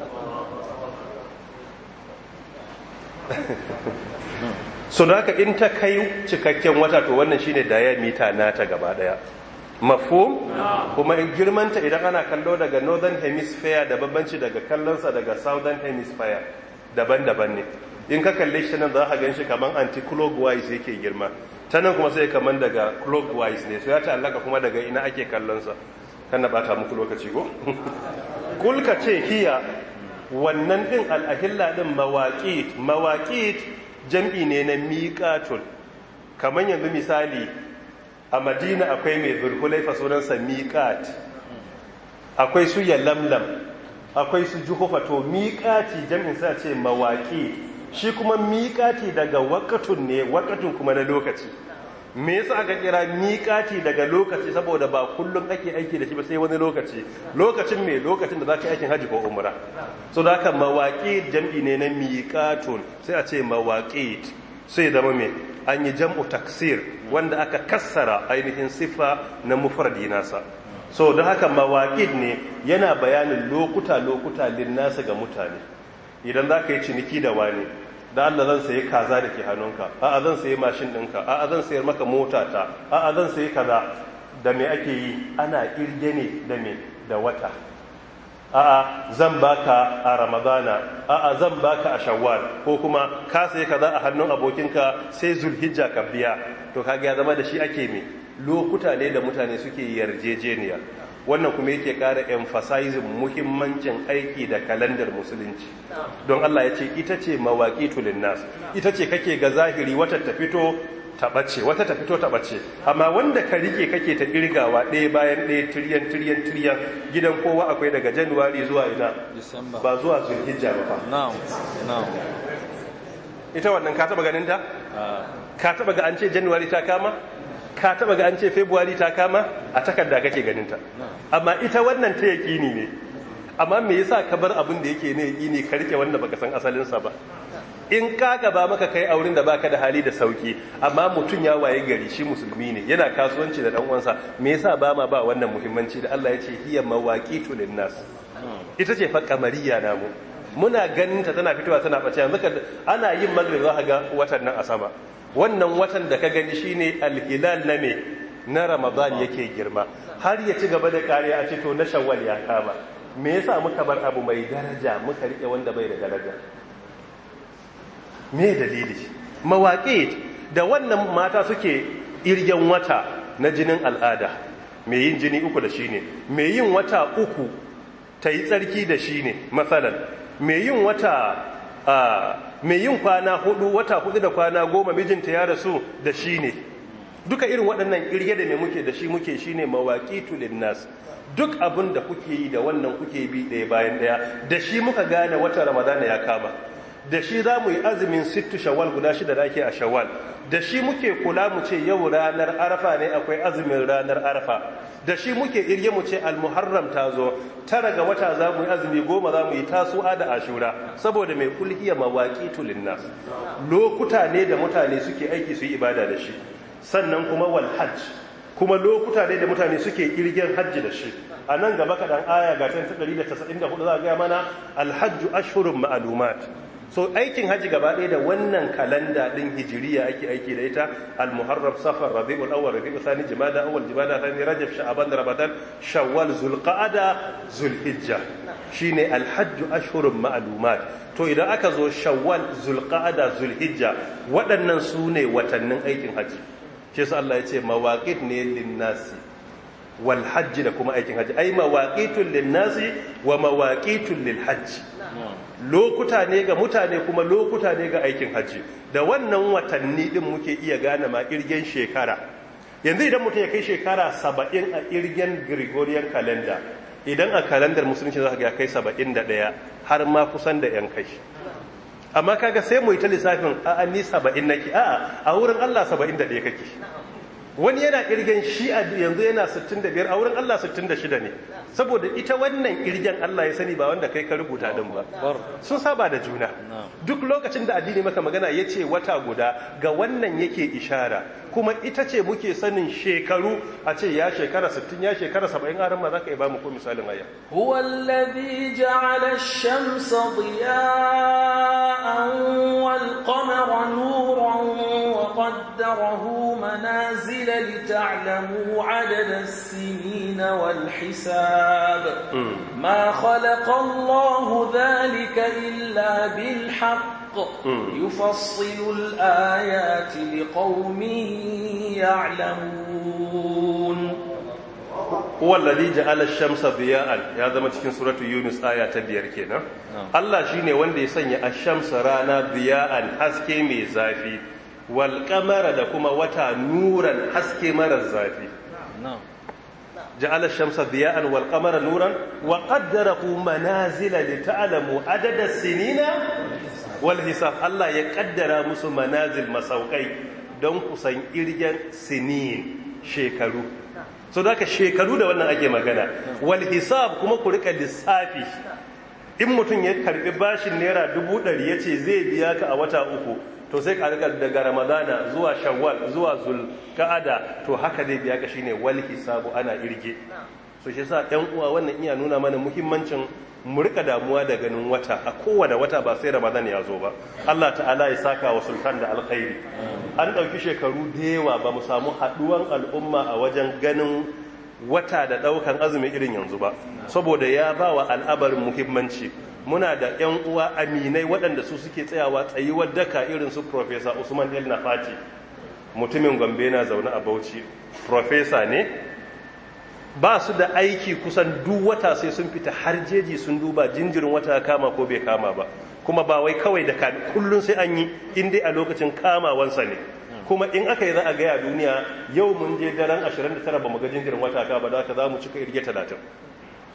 [SPEAKER 1] <laughs> so haka in ta kai cikakken wata to wannan shine na nata gaba daya mafum kuma girmanta idan ana kallo daga northern hemisphere da babbanci daga kallonsa daga southern hemisphere daban-daban ne in ka kalle shi nan za ka gan shi kaman anti-clockwise yake girma ta nan kuma sai kaman daga clockwise ne su ya ta'allaka kuma daga ina ake kallonsa kan na bata muku lokaci go <laughs> kulka ce hiya wannan din al'ahilla din mawaƙit mawaƙit jam'i ne na miƙatul kaman yanzu misali a madina akwai mai zulhulaifa sunansa miƙat akwai su yalamlam akwai su juhufa to miƙati jam'in sa ce mawaƙi shi kuma miƙati daga wakatun ne wakatun kuma na lokaci me yasa aka kira miƙati daga lokaci saboda ba kullum ake aiki da shi ba sai wani lokaci lokacin ne lokacin da za ka yi aikin hajji ko umra so da haka mawaƙi jam'i ne na miƙatun sai a ce mawaƙi sai zama me an yi jam'u taksir wanda aka kassara ainihin siffa na mufradi nasa so don haka mawaƙid ne yana bayanin lokuta-lokuta linnasa ga mutane idan za ka yi ciniki da wani da Allah zan sayi kaza da ke hannunka a'a zan sayi mashin ɗinka a'a zan sayar maka motata, ta a'a zan sayi kaza da me ake yi ana ƙirge ne da mai da wata a'a zan baka a ramadana a'a zan baka a shawwal ko kuma ka sai kaza a hannun abokinka sai zulhijja ka biya to kaga ya zama da shi ake mi lokuta ne da mutane suke yarjejeniya wannan kuma yake ƙara emphasizing muhimmancin aiki da kalandar musulunci don Allah ya ce ita ce mawaƙi tulin nas ita ce kake ga zahiri wata ta fito ta ɓace wata ta fito ta ɓace amma wanda ka rike kake ta girgawa ɗaya bayan ɗaya tiryan tiryan tiryan gidan kowa akwai daga januwari zuwa ina ba zuwa hijja ba fa ita wannan ka taba ganin ta ah. ka taba ga an ce januwari ta kama ka taba ga an ce februari ta kama a takarda kake ganin ta amma ita wannan ta yaƙini ne amma me yasa ka bar abin da yake ne yaƙini ka rike wanda baka san asalinsa ba in ka gaba maka kai auren da baka da hali da sauki amma mutum ya waye gari shi musulmi ne yana kasuwanci da dan uwansa me yasa ba ma ba wannan muhimmanci da Allah ya ce hiya mawaqitu linnas ita ce fa kamariya namu muna ganin ta tana fitowa tana bace yanzu ana yin magrib za ka ga watan nan a sama wannan watan da ka gani shine alhilal na me na ramadan yake girma har ya ci gaba da kariya a ce to na shawwal ya kama me yasa muka bar abu mai daraja muka rike wanda bai da daraja me dalili mawaƙi da wannan mata suke irgen wata na jinin al'ada mai yin jini uku da shi ne mai yin wata uku ta yi tsarki da shi ne matsalan mai yin wata mai yin kwana hudu wata hudu da kwana goma mijinta ya rasu da shi ne duka irin waɗannan irge da mai muke da shi muke shi ne mawaƙi tulin nas duk abin da kuke yi da wannan kuke bi ɗaya bayan ɗaya da shi muka gane wata ramadana ya kama da shi za mu yi azumin sittu shawal guda shida da ake a shawwal da shi muke kula mu ce yau ranar arafa ne akwai azumin ranar arafa da shi muke irge mu ce almuharram ta zo tara ga wata za mu yi azumi goma za mu yi tasu'a da ashura saboda mai kulhiya mawaqitu linnas lokuta ne da mutane suke aiki su yi ibada da shi sannan kuma wal hajj kuma lokuta ne da mutane suke irgen hajji da shi a nan gaba kaɗan aya ga 1994 za a gaya mana alhajju ashurin ma'alumat so aikin haji gaba ɗaya da wannan kalanda ɗin hijiriya ake aiki da ita al-muharram safar rabi'ul awwal rabi'ul thani jumada awwal jumada thani rajab sha'ban Rabatan, shawwal zulqa'ada zulhijja shine al-hajj ashhurun ma'lumat to idan aka zo shawwal zulqa'ada zulhijja waɗannan su ne watannin aikin haji shi yasa Allah ya ce mawaqit ne linnasi wal hajj da kuma aikin haji ai mawaqitul linnasi wa mawaqitul lil hajj lokuta ne ga mutane kuma lokuta ne ga aikin hajji da wannan watanni din muke iya gane ma irgen shekara yanzu idan mutum ya kai shekara saba'in a irgen gregorian calendar idan a kalandar musulunci za a ga kai saba'in da ɗaya har ma kusan da yan kai amma kaga sai mu yi ta lissafin a'a ni saba'in nake a'a a wurin allah saba'in da ɗaya kake wani yana kirgen shi a yanzu yana 65 a wurin Allah 66 ne saboda ita wannan kirgen Allah ya sani ba wanda kai ka rubuta din ba sun saba da juna duk lokacin da addini maka magana ya ce wata guda ga wannan yake ishara kuma ita ce muke sanin shekaru a ce ya shekara 60 ya shekara 70 aran ma za ka yi ba mu ko misalin aya
[SPEAKER 2] huwa alladhi ja'ala ash-shamsa diya'an wal qamara nuran wa qaddarahu manazil قيل لتعلموا عدد السنين والحساب ما خلق الله ذلك إلا بالحق يفصل الآيات لقوم يعلمون
[SPEAKER 1] هو الذي جعل الشمس ضياء يا زما cikin suratu yunus aya ta biyar kenan Allah shine wanda ya sanya ash-shamsa rana diya'an haske mai zafi Walƙamara da kuma wata nuran haske marar zafi ja'ala shamsa diya'an wal nuran wa ku manazila li ta'lamu adada sinina wal Allah ya ƙaddara musu manazil masaukai don kusan irgen sinin shekaru so da shekaru da wannan ake magana wal kuma ku rika lissafi in mutum ya karɓi bashin naira dubu ɗari ya ce zai biya ka a wata uku to sai ka daga ramadana zuwa shawwal zuwa zulka'ada to haka dai biya ga shine wal hisabu ana irge so shi yasa ɗan uwa wannan iya nuna mana muhimmancin mu rika damuwa da ganin wata a kowane wata ba sai ramadan ya zo ba Allah ta'ala ya saka wa sultan da alkhairi an ɗauki shekaru da yawa ba mu samu haɗuwan al'umma a wajen ganin wata da ɗaukan azumi irin yanzu ba saboda ya ba wa al'abarin muhimmanci muna da yan uwa aminai waɗanda su suke tsayawa tsayuwar daka irin su Profesa Usman El Nafati mutumin Gombe na zaune a Bauchi Profesa ne ba su da aiki kusan duwata sai sun fita har jeji sun duba jinjirin wata kama ko bai kama ba kuma ba wai kawai da kullun sai an yi in a lokacin kamawansa ne kuma in aka yi za a gaya duniya yau mun je daren 29 ba mu ga jinjirin wata ka ba za aka za mu cika irge talatin.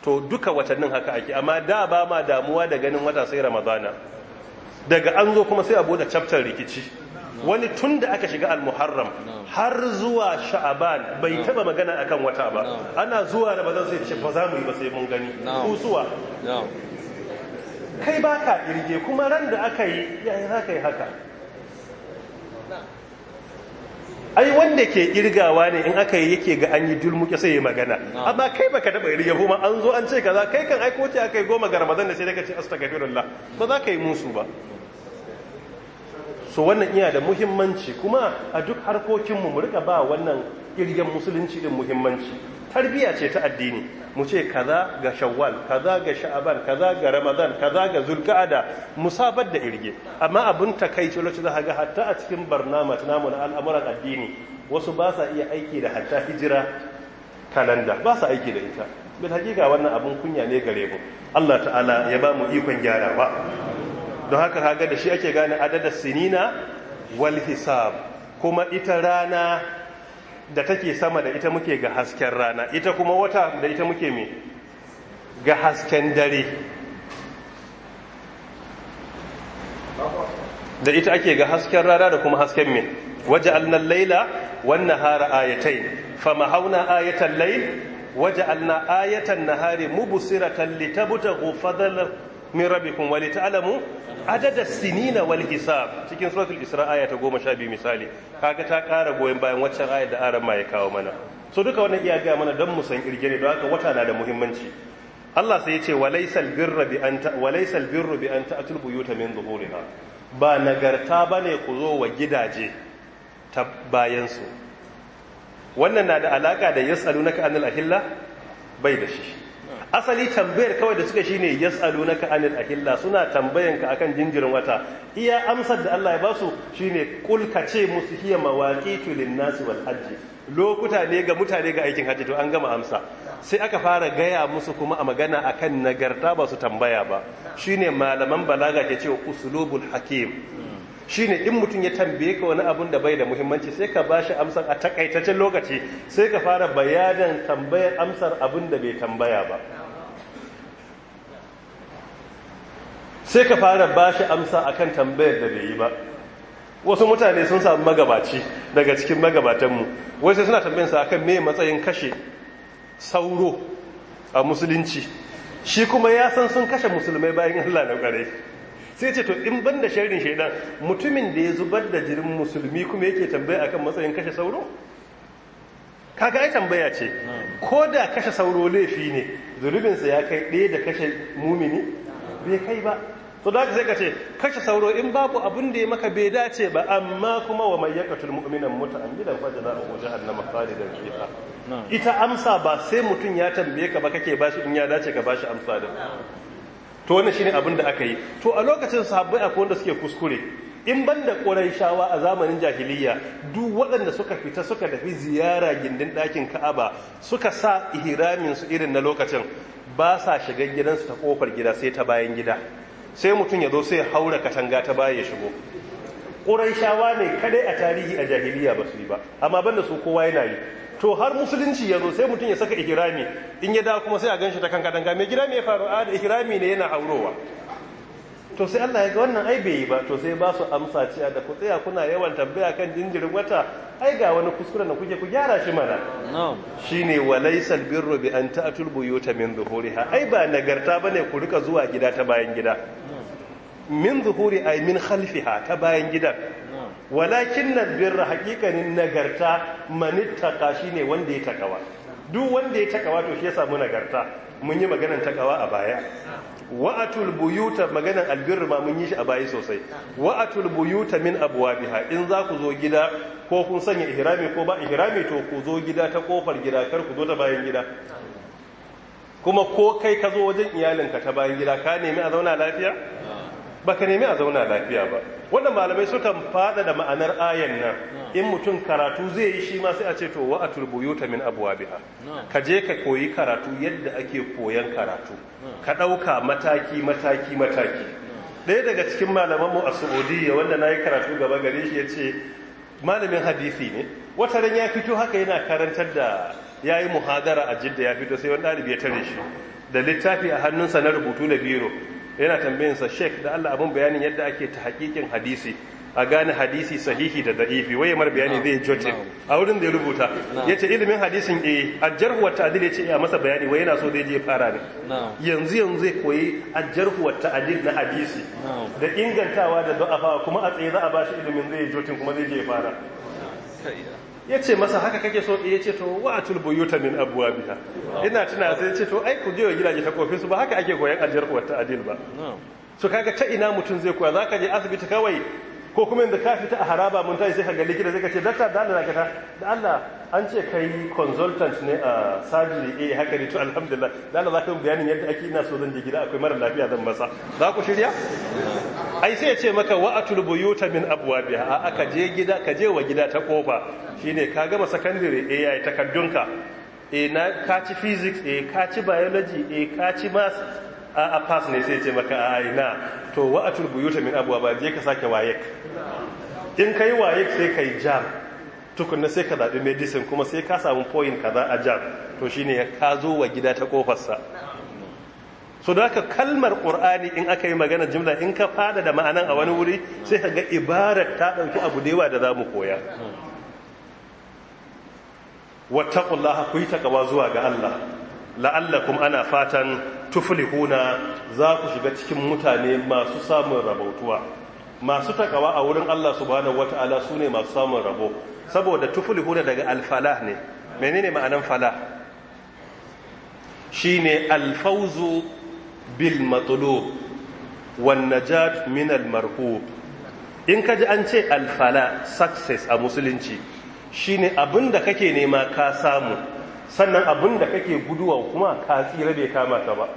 [SPEAKER 1] to duka watannin haka ake amma da ba ma damuwa da ganin wata sai ramadana daga an zo kuma sai a buɗe chapter rikici wani tun da aka shiga al-muharram har zuwa sha'aban bai taba magana akan wata ba ana zuwa ramadan sai ce ba za mu yi ba sai mun gani kusuwa kai baka irge kuma ran da aka yi yayin yi haka ai wanda ke kirgawa ne in aka yi yake ga an yi dulmuke sai ya magana amma kai baka taba irga kuma an zo an ce kaza kai kan aiko ce akai goma ga ramadan da sai daga ce astaghfirullah ba za ka yi musu ba so wannan iya da muhimmanci kuma a duk harkokin mu mu rika ba wannan kirgan musulunci din muhimmanci tarbiya ce ta addini mu ce kaza ga shawwal kaza ga sha'aban kaza ga ramadan kaza ga zulqa'ada musabar da irge amma abun takaici lokaci za ga hatta a cikin barnamaj namu na al'amuran addini wasu ba sa iya aiki da hatta hijira kalanda ba sa aiki da ita bil hakika wannan abun kunya ne gare mu Allah ta'ala ya ba mu ikon gyara ba. don haka haga da shi ake gane adadin sinina wal hisab kuma ita rana da take sama da ita muke ga hasken rana ita kuma wata da ita muke me ga hasken dare da ita ake ga hasken rana da kuma hasken me waje annan laila wannan hara ayatai fama hauna ayatan lail waje annan ayatan nahari mubusiratan litabutahu fadlan min rabbikum ta alamu adada sinina wal hisab cikin suratul isra aya ta biyu misali kaga ta ƙara goyon bayan waccan ayar da aran ma ya kawo mana so duka wannan iya ga mana don mu san kirge ne don haka wata na da muhimmanci Allah sai ya ce walaysal birra bi anta walaysal birru bi anta atul buyuta min zuhuriha ba nagarta bane ku zo wa gidaje ta bayan su wannan na da alaka da yasalunaka anil ahilla bai da shi asali tambayar kawai da suka shine yas'alunaka anil ahilla suna tambayan ka akan jinjirin wata iya amsar da Allah ya ba su shine ne kulka ce musu hiya mawaƙi tulin nasu wal hajji lokuta ne ga mutane ga aikin hajji to an gama amsa sai aka fara gaya musu kuma a magana akan nagarta ba su tambaya ba Shi ne malaman balaga ke cewa usulubul hakim shine in mutum ya tambaye ka wani abun da bai da muhimmanci sai ka ba shi amsar a takaitaccen lokaci sai ka fara bayanin tambayar amsar abun da bai tambaya ba sai ka fara ba shi amsa akan tambayar da bai yi ba wasu mutane sun samu magabaci daga cikin magabatanmu wai sai suna sa akan me matsayin kashe sauro a musulunci shi kuma ya san sun kashe musulmai bayan allah na kware sai ce to in banda sharrin shaidan mutumin da ya zubar da jirin musulmi kuma yake tambaya akan matsayin kashe sauro kaga ai tambaya ce ko da kashe sauro laifi ne sa ya kai ɗaya da kashe mumini bai kai ba to da zai ka ce kashe sauro in babu abin da ya maka bai dace ba amma kuma wa mai yakatul mu'minan muta'ammidan fa jazaa'u jahannama khalidan fiha ita amsa ba sai mutum ya tambaye ka ba kake bashi in ya dace ka bashi amsa din to wannan shine abin da aka yi to a lokacin sahabbai akwai wanda suke kuskure in ban da shawa a zamanin jahiliya duk waɗanda suka fita suka dafi ziyara gindin ɗakin ka'aba suka sa ihiramin su irin na lokacin ba sa shiga gidansu ta kofar gida sai ta bayan gida sai mutum ya zo sai ya haura katanga ta baya ya shigo shawa ne kadai a tarihi a jahiliya ba su yi ba amma banda su kowa yana yi to har musulunci ya zo sai mutum ya saka ikirami, in ya dawo kuma sai a ganshi ta kan katanga mai gida mai faru a ah, da ikirami ne yana haurowa to sai Allah ya ga wannan ai bai yi ba to sai ba su amsa cewa da ku tsaya kuna yawan tambaya kan jinjirin wata ai ga wani kuskuren da kuke ku gyara shi mana shine walaysal birru bi an ta'tul buyuta min zuhuriha ai ba nagarta bane ku rika zuwa gida ta bayan gida min zuhuri ai min khalfiha ta bayan gida. walakin birra hakikani nagarta manittaka shine wanda ya takawa duk wanda ya takawa to shi ya samu nagarta mun yi maganar takawa a baya wa'atul buyuta maganan albirru ma mun yi shi a bayi sosai wa'atul buyuta min biha in za ku zo gida ko kun sanya ihrami ko ba ihrami to ku zo gida ta kofar gida kar ku zo ta bayan gida kuma ko kai ka zo wajen iyalinka ta bayan gida ka nemi a zauna lafiya ba ka nemi a zauna lafiya ba Wanda malamai sukan fada da ma'anar ayan nan in mutum karatu zai yi shi ma sai a ce to wa atul buyuta min biha. ka je ka koyi karatu yadda ake koyan karatu ka ɗauka mataki mataki mataki Daya daga cikin malaman mu a Saudiya wanda na yi karatu gaba gare shi ya ce malamin hadisi ne wata ran ya fito haka yana karantar da ya yi muhadara a jidda ya fito sai wani ɗalibi ya tare shi da littafi a hannunsa na rubutu da biro yana tambayinsa sheik da Allah abun bayanin yadda ake ta hakikin hadisi a gane hadisi sahihi da da'ifi waye mar bayani zai jote a wurin da ya rubuta yace ilimin hadisin e ajjarhu wa ta'dil yace ya masa bayani wai yana so zai je fara ne yanzu yanzu zai koyi ajjarhu wa ta'dil na hadisi da ingantawa da da'afa kuma a tsaye za a bashi ilimin zai jote kuma zai je fara ya ce masa haka kake so ya ce to wa atul buyuta min biya ina tuna sai ce to ai ku je wa gidaje ta kofin su ba haka ake koyan aljiyar uwar ta adil ba so kaga ta ina mutum zai koya zaka je asibiti kawai ko kuma inda ka fita a haraba mun tashi sai ka ga likita zai ka ce dakta da Allah da Allah an ce kai consultant ne a surgery A eh, haka ne to alhamdulillah dan za ka bayanin yadda ake ina so zan je gida akwai mara lafiya zan masa za ku shirya ai sai ce maka wa'atul buyuta min biya a aka je gida ka je wa gida ta kofa shine ka gama secondary eh, A.I takaddunka E, na ka ci physics e kaci ci biology e ka ci math a pass ne sai ce maka a ina to wa'atul buyuta min ba je ka sake waye in kai waye sai kai jam tukunna sai ka zaɓi medicine kuma sai ka samu point kaza a jam to shi ne ka zo wa gida ta kofarsa so da aka kalmar ƙur'ani in aka yi magana jimla in ka fada da ma'anan a wani wuri sai ka ga ibarar ta ɗauki abu da yawa da za mu koya ƙulla ku yi takawa zuwa ga Allah la'allakum ana fatan tuflihuna za ku shiga cikin mutane masu samun rabautuwa masu takawa a wurin Allah subhanahu wata'ala sune masu samun rabo saboda tufulihuna daga alfalah ne menene ma'anan falah shine alfauzu bil matlub wan najat min al marhub in kaji an ce alfala success a musulunci shine abinda kake nema ka samu sannan abinda kake guduwa kuma ka tsira bai kama ka ba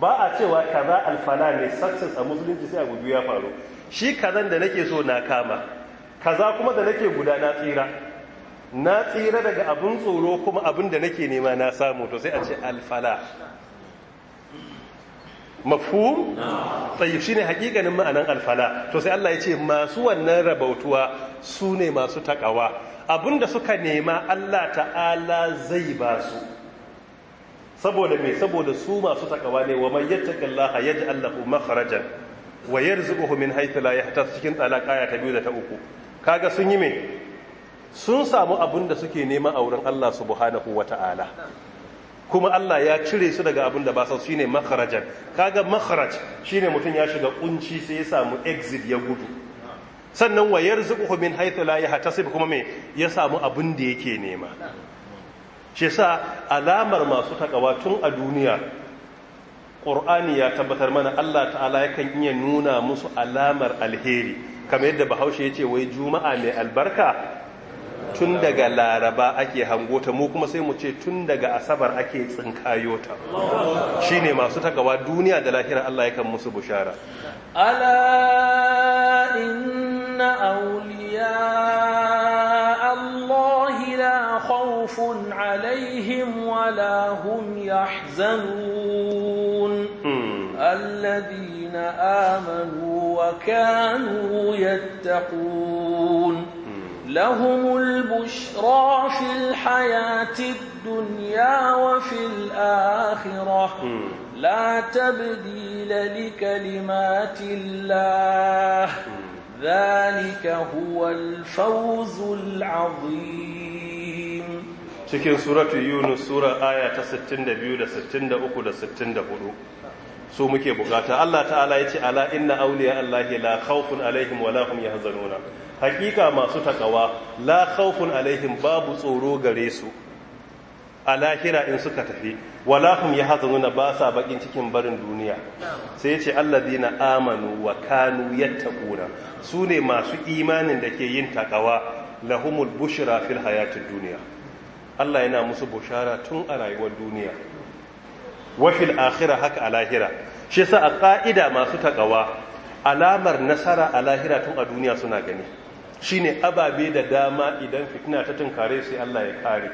[SPEAKER 1] ba a cewa kaza alfala ne success a musulunci sai a gudu ya faru shi kazan da nake so na kama kaza kuma da nake guda na tsira na tsira daga abin tsoro kuma abin da nake nema na samu to sai a ce alfala mafhum tayyib shine hakikanin ma'anan alfala to sai Allah ya ce masu wannan rabautuwa su ne masu takawa abinda suka nema Allah ta'ala zai ba su saboda me saboda su masu takawa ne wa man yattaqillaha yaj'al lahu makhrajan wa yarzuquhu min haythu la yahtasib cikin talaka ya ta biyu da ta uku kaga sun yi me sun samu abin da suke nema a wurin Allah subhanahu ta'ala, kuma Allah ya cire su daga abin da ba sa ne makharajan kaga makharaj shine mutum ya shiga kunci sai ya samu exit ya gudu sannan wa yarzuquhu min haythu la yahtasib kuma me ya samu abin da yake nema shi sa alamar masu takawa tun a duniya ƙur'ani ya tabbatar mana Allah ta'ala yakan iya nuna musu alamar alheri kamar yadda bahaushe ya ce wai juma'a mai albarka tun daga laraba ake hango ta mu kuma sai mu ce tun daga asabar ake tsinkayota. ta ne masu takawa duniya da lahira Allah ya kan musu bushara
[SPEAKER 2] ala inna awliya Allah la khawfun alaihim wala hum الذين آمنوا وكانوا يتقون لهم البشرى في الحياة الدنيا وفي الآخرة لا تبديل لكلمات الله ذلك هو الفوز العظيم
[SPEAKER 1] cikin سورة يونس سورة آية ta 62 da 63 da 64 su muke bukata Allah ta'ala ya ce ala inna awliya Allahi la khawfun alaihim wa lahum yahzanuna hakika masu takawa la khawfun alaihim babu tsoro gare su a lahira in suka tafi wa la hum yahzanuna ba sa bakin cikin barin duniya sai ya ce alladina amanu wa kanu yattaquna su ne masu imanin da ke yin takawa lahumul bushra fil hayatid duniya. Allah yana musu bushara tun a rayuwar duniya wa fil akhirah haka a lahira shi yasa a ƙa'ida masu takawa alamar nasara a lahira tun a duniya suna gani shine ababe da dama idan fitina ta tunkare sai Allah ya kare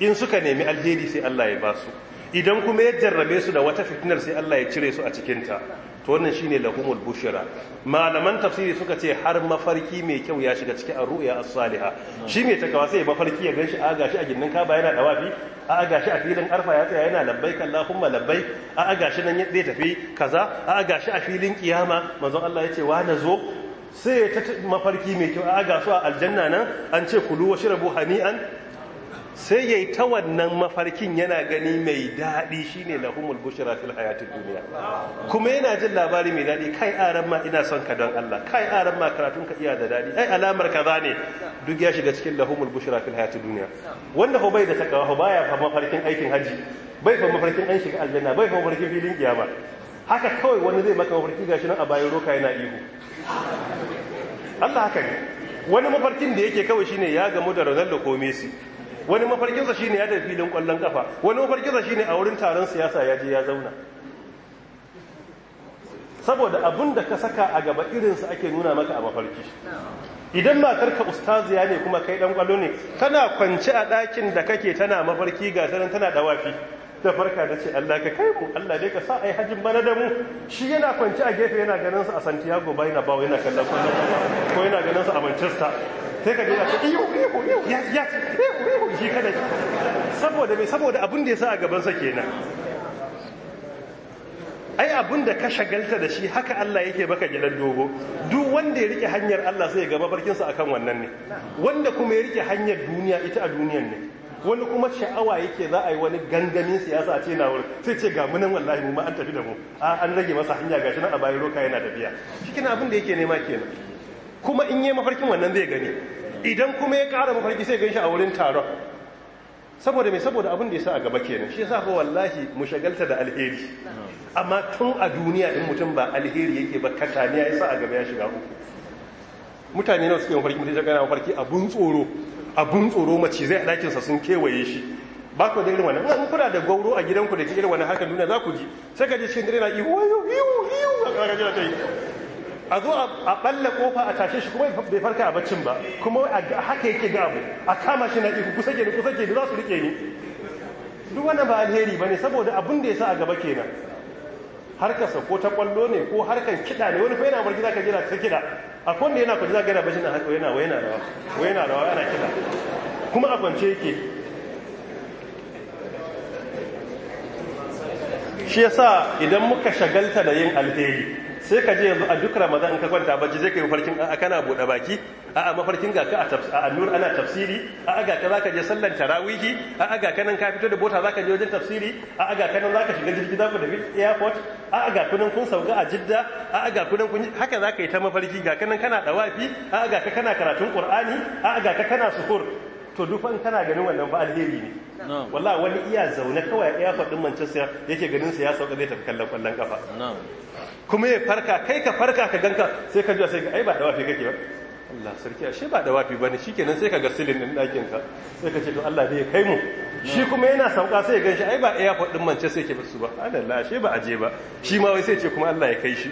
[SPEAKER 1] in suka nemi alheri sai Allah ya basu idan kuma ya jarrabe su da wata fitinar sai Allah ya cire su a cikinta to wannan shine lahumul bushira malaman tafsiri suka ce har mafarki mai kyau ya shiga cikin ar-ru'ya as-saliha shi mai takawa sai mafarki ya ganshi a gashi a ginnin kaba yana dawafi a gashi a filin arfa ya tsaya yana labbaik allahumma labbaik a gashi nan zai tafi kaza a gashi a filin kiyama manzon Allah ya ce wa nazo? sai ta mafarki mai kyau a gasu a aljanna nan an ce kulu washrabu hani'an sai yai ta wannan mafarkin yana gani mai daɗi shine lahumul bushra fil hayatid duniya kuma yana jin labari mai daɗi kai aran ma ina son ka don Allah kai aran ma karatun ka iya da daɗi ai alamar kaza ne duk ya shiga cikin lahumul bushra fil hayatid duniya wanda ho bai da takawa ho baya fa mafarkin aikin haji bai fa mafarkin an shiga aljanna bai fa mafarkin filin kiyama haka kawai wani zai maka mafarki gashi nan a bayan roka yana ihu Allah haka ne wani mafarkin da yake kawai shine ya gamu da Ronaldo ko Messi wani mafarkinsa shine ya tafi filin kwallon kafa wani mafarkinsa shine a wurin taron siyasa ya je ya zauna saboda abun da ka saka a gaba irinsa ake nuna maka a mafarki idan matarka ustaziya ne kuma kai dan kwallo ne tana kwance a ɗakin da kake tana mafarki ga tana dawafi ta farka da ce Allah ka kai mu Allah dai ka sa ai hajjin bana da mu shi yana kwanci a gefe yana ganin su a Santiago Bernabeu yana kallon ko ko yana ganin su a Manchester sai ka dina ce
[SPEAKER 2] iyo iyo iyo ya
[SPEAKER 1] ya iyo iyo shi kada saboda me saboda abin da ya sa a gaban sa kenan ai abin da ka shagalta da shi haka Allah yake baka gidan dogo duk wanda ya rike hanyar Allah sai ya ga sa akan wannan ne wanda kuma ya rike hanyar duniya ita a duniyar ne wani kuma sha'awa yake za a yi wani gangamin siyasa a ce na wuri sai ce ga munan wallahi mu ma an tafi da mu an rage masa hanya shi nan a bayan roka yana tafiya shi abin da yake nema kenan kuma in yi mafarkin wannan zai gani idan kuma ya kara mafarki sai gan shi a wurin taron saboda mai saboda abin da ya sa a gaba kenan shi yasa fa wallahi mu shagalta da alheri amma tun a duniya in mutum ba alheri yake ba kataniya ya sa a gaba ya shiga uku mutane nawa suke mafarki mutum ya gana mafarki abun tsoro abun tsoro mace zai a ɗakinsa sun kewaye shi ba ku da irin wani ba kuna da gauro a gidanku da ke irin wani harkar duniya za ku ji sai ka ji cikin dare na ihu yiwu. a ƙarar jira ta yi a zo a ɓalla ƙofa a tashe shi kuma bai farka a baccin ba kuma haka yake ga abu a kama shi na ihu kusa ke ni kusa ke ni za su riƙe ni duk wannan ba alheri ba ne saboda abin da ya sa a gaba kenan harkarsa ko ta kwallo ne ko harkar kiɗa ne wani fa yana za ka jira ta kiɗa a da yana za ka yana bashi na haka yana wayana rawa wayana rawa yana kiɗa kuma a kwance yake shi yasa idan muka shagalta da yin alheri sai ka je yanzu a duk ramadan in ka kwanta bacci zai kai farkin a kana buɗe baki A'a mafarkin ga ka a annur ana tafsiri A'a ga ka zaka je sallan tarawihi a ga ka nan ka fito da bota zaka je wajen tafsiri a ga ka nan zaka shiga jirgin zaku da airport a aga ku nan kun sauka a jidda a aga nan kun haka zaka yi ta mafarki ga ka nan kana dawafi A'a ga ka kana karatun qur'ani a ga ka kana suhur to duk in kana ganin wannan ba alheri ne wallahi wani iya zaune kawai airport din Manchester yake ganin sa ya sauka zai tafi kallon kwallon kafa kuma ya farka kai ka farka ka ganka sai ka ji sai ka ai ba dawafi kake ba Allah sarki ashe ba da wafi bane shikenan sai kaga silin din dakin ka sai ka ce to Allah dai ya kai mu shi kuma yana sauka sai ya ganshi ai ba airport din Manchester yake su ba Allah ashe ba aje ba shi ma wai sai ce kuma Allah ya kai shi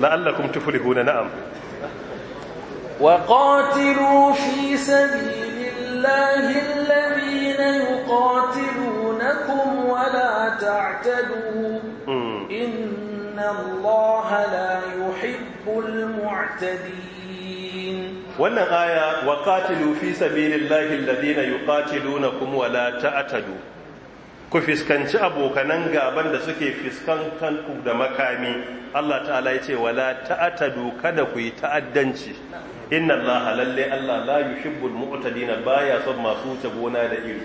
[SPEAKER 1] la'allakum tuflihuna na'am وقاتلوا
[SPEAKER 2] في سبيل الله الذين يقاتلونكم ولا تعتدوا inna allah لا يحب yuhibbul mu'tadin
[SPEAKER 1] wannan aya wa qatilu fi sabilillahi alladhina yuqatilunakum wa la ta'tadu ku fiskanci abokanan gaban da suke fiskantan ku da makami Allah ta'ala yace wa la ta'tadu kada ku yi ta'addanci inna Allaha lalle Allah la yuhibbul mu'tadin baya son masu wuce gona da iri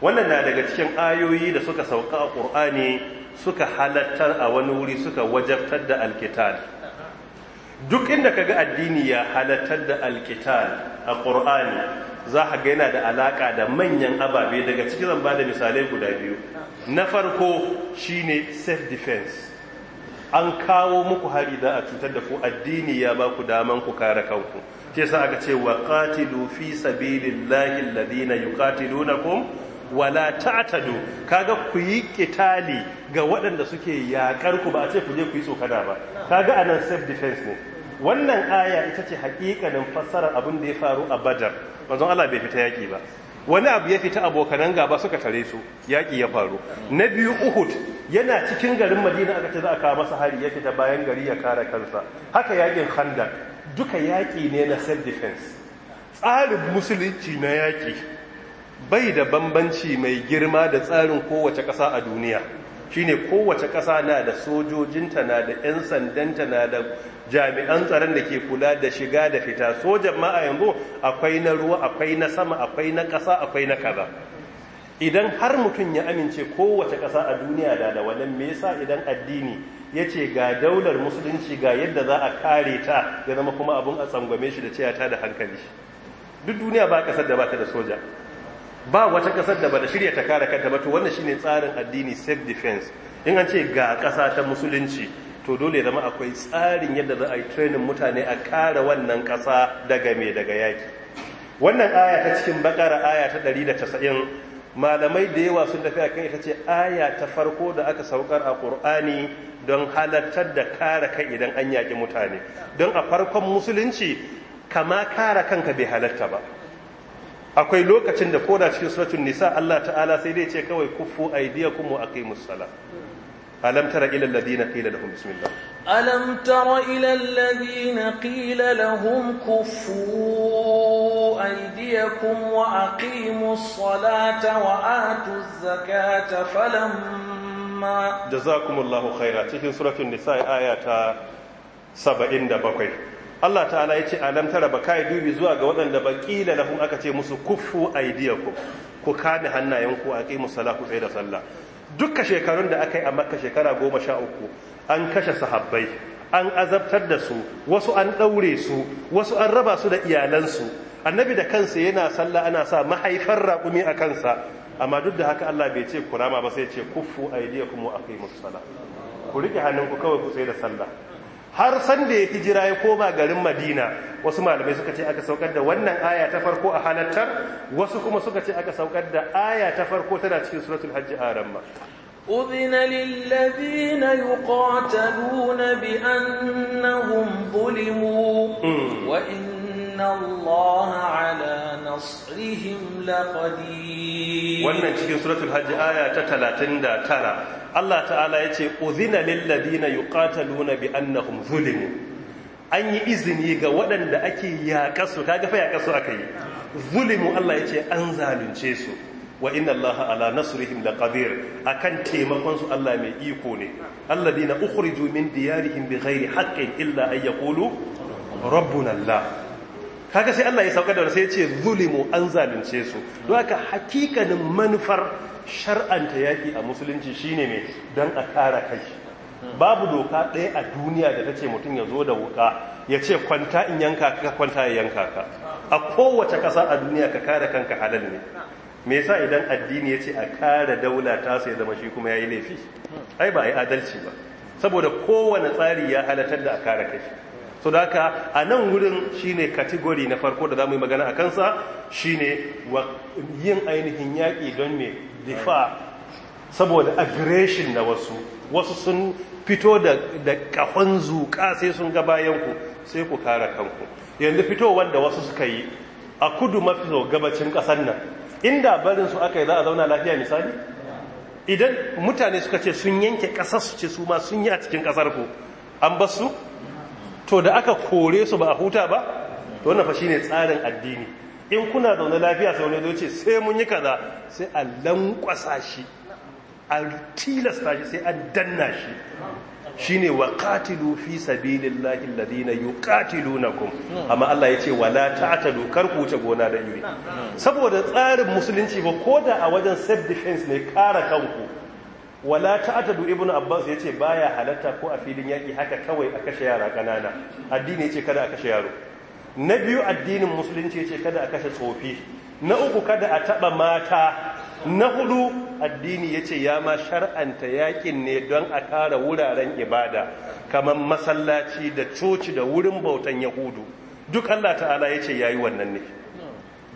[SPEAKER 1] wannan na daga cikin ayoyi da suka sauka a Qur'ani suka halattar a wani wuri suka wajabtar da alkitab duk inda kaga addini ya halattar da alkital a ƙur'ani za a gaina da alaƙa da manyan ababe daga cikin zan ba da misalai guda biyu na farko shine self defense an kawo muku hari da a cutar da ku addini ya ba ku daman ku kare kanku ke sa aka ce wa qatilu fi sabilillahi alladhina yuqatilunakum wala ta'tadu kaga ku yi kitali ga waɗanda suke yakar ku ba a ce ku je ku yi tsokana ba kaga anan self defense ne wannan aya ita ce haƙiƙanin fassarar abin da ya faru a badar manzon Allah bai fita yaki ba wani abu ya fita abokanan gaba suka tare su yaki ya faru na biyu uhud yana cikin garin madina aka ce za a kawo masa hari ya fita bayan gari ya kare kansa haka yakin khandak duka yaƙi ne na self defense tsarin musulunci na yaƙi bai da bambanci mai girma da tsarin kowace ƙasa a duniya shine kowace ƙasa na da sojojinta na da 'yan sandanta na da jami'an tsaron da ke kula da shiga da fita sojan ma a yanzu akwai na ruwa akwai na sama akwai na ƙasa akwai na kaza idan har mutum ya amince kowace ƙasa a duniya da da wannan me yasa idan addini ya ce ga daular musulunci ga yadda za a kare ta ya zama kuma abun a tsangwame shi da cewa ta da hankali duk duniya ba ƙasar da ba ta da soja ba wata ƙasar da ba da shirya ta kare kanta ba to wannan shine tsarin addini self defense in an ce ga ƙasa ta musulunci to dole zama akwai tsarin yadda za a yi trenin mutane a kara wannan ƙasa daga mai daga yaki wannan aya ta cikin bakara aya ta 190 malamai da yawa sun tafi a akan ita ce aya ta farko da aka saukar a ƙur'ani don halartar da kara kai idan an yaƙi mutane don a farkon musulunci kama kara kanka bai halarta ba akwai lokacin da koda cikin suratun nisa Allah ta'ala sai dai ce kawai kufu aidiya wa aqimus salat alam tara ilal ladina qila lahum bismillah
[SPEAKER 2] alam tara ilal ladina qila lahum kufu aydiyakum wa aqimus salata wa atuz zakata falamma
[SPEAKER 1] jazakumullahu khaira cikin suratul nisa ayata 77 Allah ta'ala ya yace alam tara baka dubi zuwa ga wadanda baqila lahum aka ce musu kufu aydiyakum ku kada hannayenku aqimus salata ku sai da sallah dukka shekarun da aka yi a makka shekara goma sha uku an kashe sahabbai an azabtar da su wasu an ɗaure su wasu an raba su da iyalansu annabi da kansa yana sallah ana sa mahaifar raƙumi a kansa amma duk da haka Allah bai ce kurama ba sai ce kuffu kuma kai musu sala ku rike hannunku kawai ku sai da sallah har san da ya hijira ya koma garin madina wasu malamai suka ce aka saukar da wannan aya ta farko a halattar wasu kuma suka ce aka saukar da aya ta farko tana cikin suratul hajji a ramma
[SPEAKER 2] أذن bi annahum zulimu wa in إن الله على نصرهم
[SPEAKER 1] wannan cikin suratul hajj aya ta 39 Allah ta'ala yace udhina lil ladina yuqataluna bi annahum zulimu an yi izini ga waɗanda ake yaƙasu kaga fa yaƙasu akai zulimu Allah yace an zalunce su wa inna allaha ala nasrihim laqadir akan taimakon su Allah mai iko ne Allah alladina ukhriju min diyarihim bighairi haƙƙin illa ay yaqulu rabbuna allah kaga sai Allah ya sauka da sai ya ce zulimu an zalunce su don haka hakikanin manufar shar'anta yaki a musulunci shine mai don a kara kai babu doka ɗaya a duniya da ta ce mutum ya zo da wuka ya ce kwanta in yanka ka kwanta ya yanka ka a kowace ƙasa a duniya ka kare kanka halal ne me yasa idan addini ya ce a kare daula ta sai zama shi kuma ya yi laifi ai ba a yi adalci ba saboda kowane tsari ya halatar da a kare kai so da haka a nan wurin shine kategori na farko da za mu yi magana a kansa shine yin ainihin yaƙi don ne difa saboda aggression na wasu wasu sun fito da ƙahon zuƙa sai sun ga bayanku sai ku kara kanku yanzu fitowar da wasu suka yi a kudu mafi gabacin ƙasar nan inda barin su aka yi za a zauna lafiya misali idan mutane suka ce sun yanke ƙasar su ce su ma sun yi a cikin ƙasar ku an basu to da aka kore su ba a huta ba to wannan fa shine tsarin addini in kuna zaune lafiya sai wani ce sai mun yi kaza sai a lankwasa shi a tilasta shi sai an danna shi shine wa qatilu fi sabilillahi alladhina yuqatilunakum amma Allah yace wala ta'tadu kar ku wuce gona da yuri saboda tsarin musulunci ba koda a wajen self defense ne kare kanku wala ta ta'tadu ibnu abbas yace baya halatta ko a filin yaki haka kawai a kashe yara kanana addini yace kada a kashe yaro na biyu addinin musulunci yace kada a kashe tsofi na uku kada a taba mata na hudu addini yace ya ma shar'anta yakin ne don a kara wuraren ibada kamar masallaci da coci da wurin bautan yahudu duk Allah ta'ala yace yayi wannan ne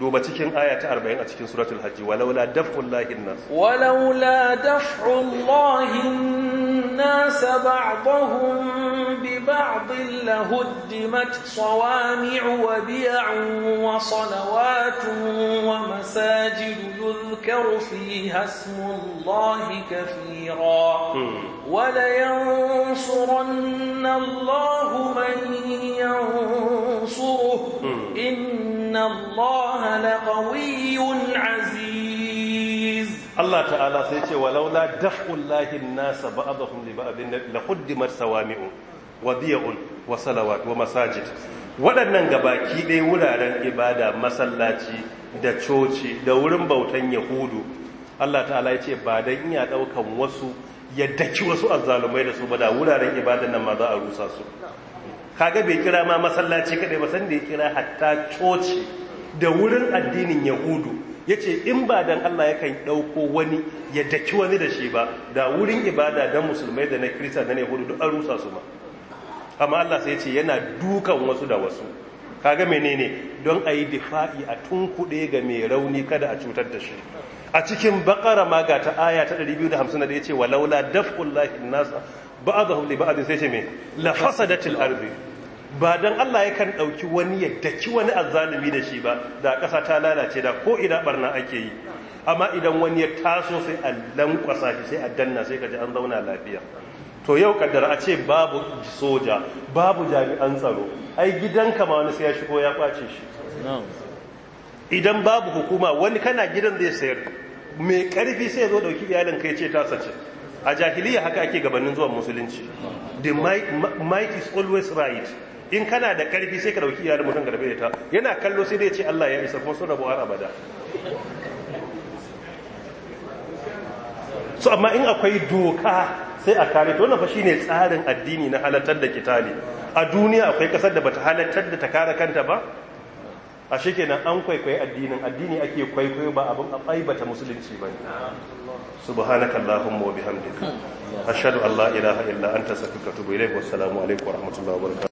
[SPEAKER 1] duba cikin aya ta 40 a cikin suratul hajji walaula daf'ul lahin nas
[SPEAKER 2] walaula daf'ul lahin nas ba'dahum bi ba'din lahuddimat sawami'u wa bi'un wa salawatun wa masajid yuzkaru fiha ismullahi kathira wa la yansuranna Allahu man yansuruhu inna Allah لقوي عزيز
[SPEAKER 1] الله تعالى سيتي ولولا دفع الله الناس بعضهم لبعض لقدمت صوامع وبيع وصلوات ومساجد waɗannan gabaki ɗai wuraren ibada masallaci da coci da wurin bautan yahudu Allah ta'ala ya ce ba don iya ɗaukan wasu ya daki wasu azzalumai da su ba da wuraren ibada nan ma za a rusa su kaga bai kira ma masallaci kaɗai ba san da ya kira hatta coci da wurin addinin yahudu ya ce in ba dan Allah ya kan ɗauko wani ya daki wani da shi ba da wurin ibada don musulmai da na kirista da na yahudu duk an rusa su ma amma Allah sai ce yana dukan wasu da wasu kaga menene don a yi difa'i a tun kuɗe ga mai rauni kada a cutar da shi a cikin bakara ma ga ta aya ta 250 da ya ce walaula daf'ullahi nasa ba'dahu li ba'd sai ce me la fasadatil ardi ba don Allah ya kan ɗauki wani ya daki wani azzalumi da shi ba da ƙasa ta lalace da ko ina barna ake yi amma idan wani ya taso sai a lankwasa shi sai a danna sai ka ji an zauna lafiya to yau kaddara a ce babu soja babu jami'an tsaro ai gidanka ma wani sai ya shigo ya kwace shi idan babu hukuma wani kana gidan zai sayar mai karfi sai zo dauki iyalin kai ce ta sace a jahiliya haka ake gabanin zuwa musulunci the might, might is always right in kana da karfi sai ka dauki iyalin mutum garbe da ta yana kallo sai dai ce Allah ya isa kuma so da buhar abada so amma in akwai doka sai a kare to wannan fa shine tsarin addini na halartar da kitali a duniya akwai kasar da bata halartar da ta kare kanta ba a shikenan an kwaikwayi addinin addini ake kwaikwayo ba abin aibata musulunci ba subhanaka allahumma wa bihamdika ashhadu an la ilaha illa anta astaghfiruka wa atubu ilayk wa assalamu alaikum wa rahmatullahi wa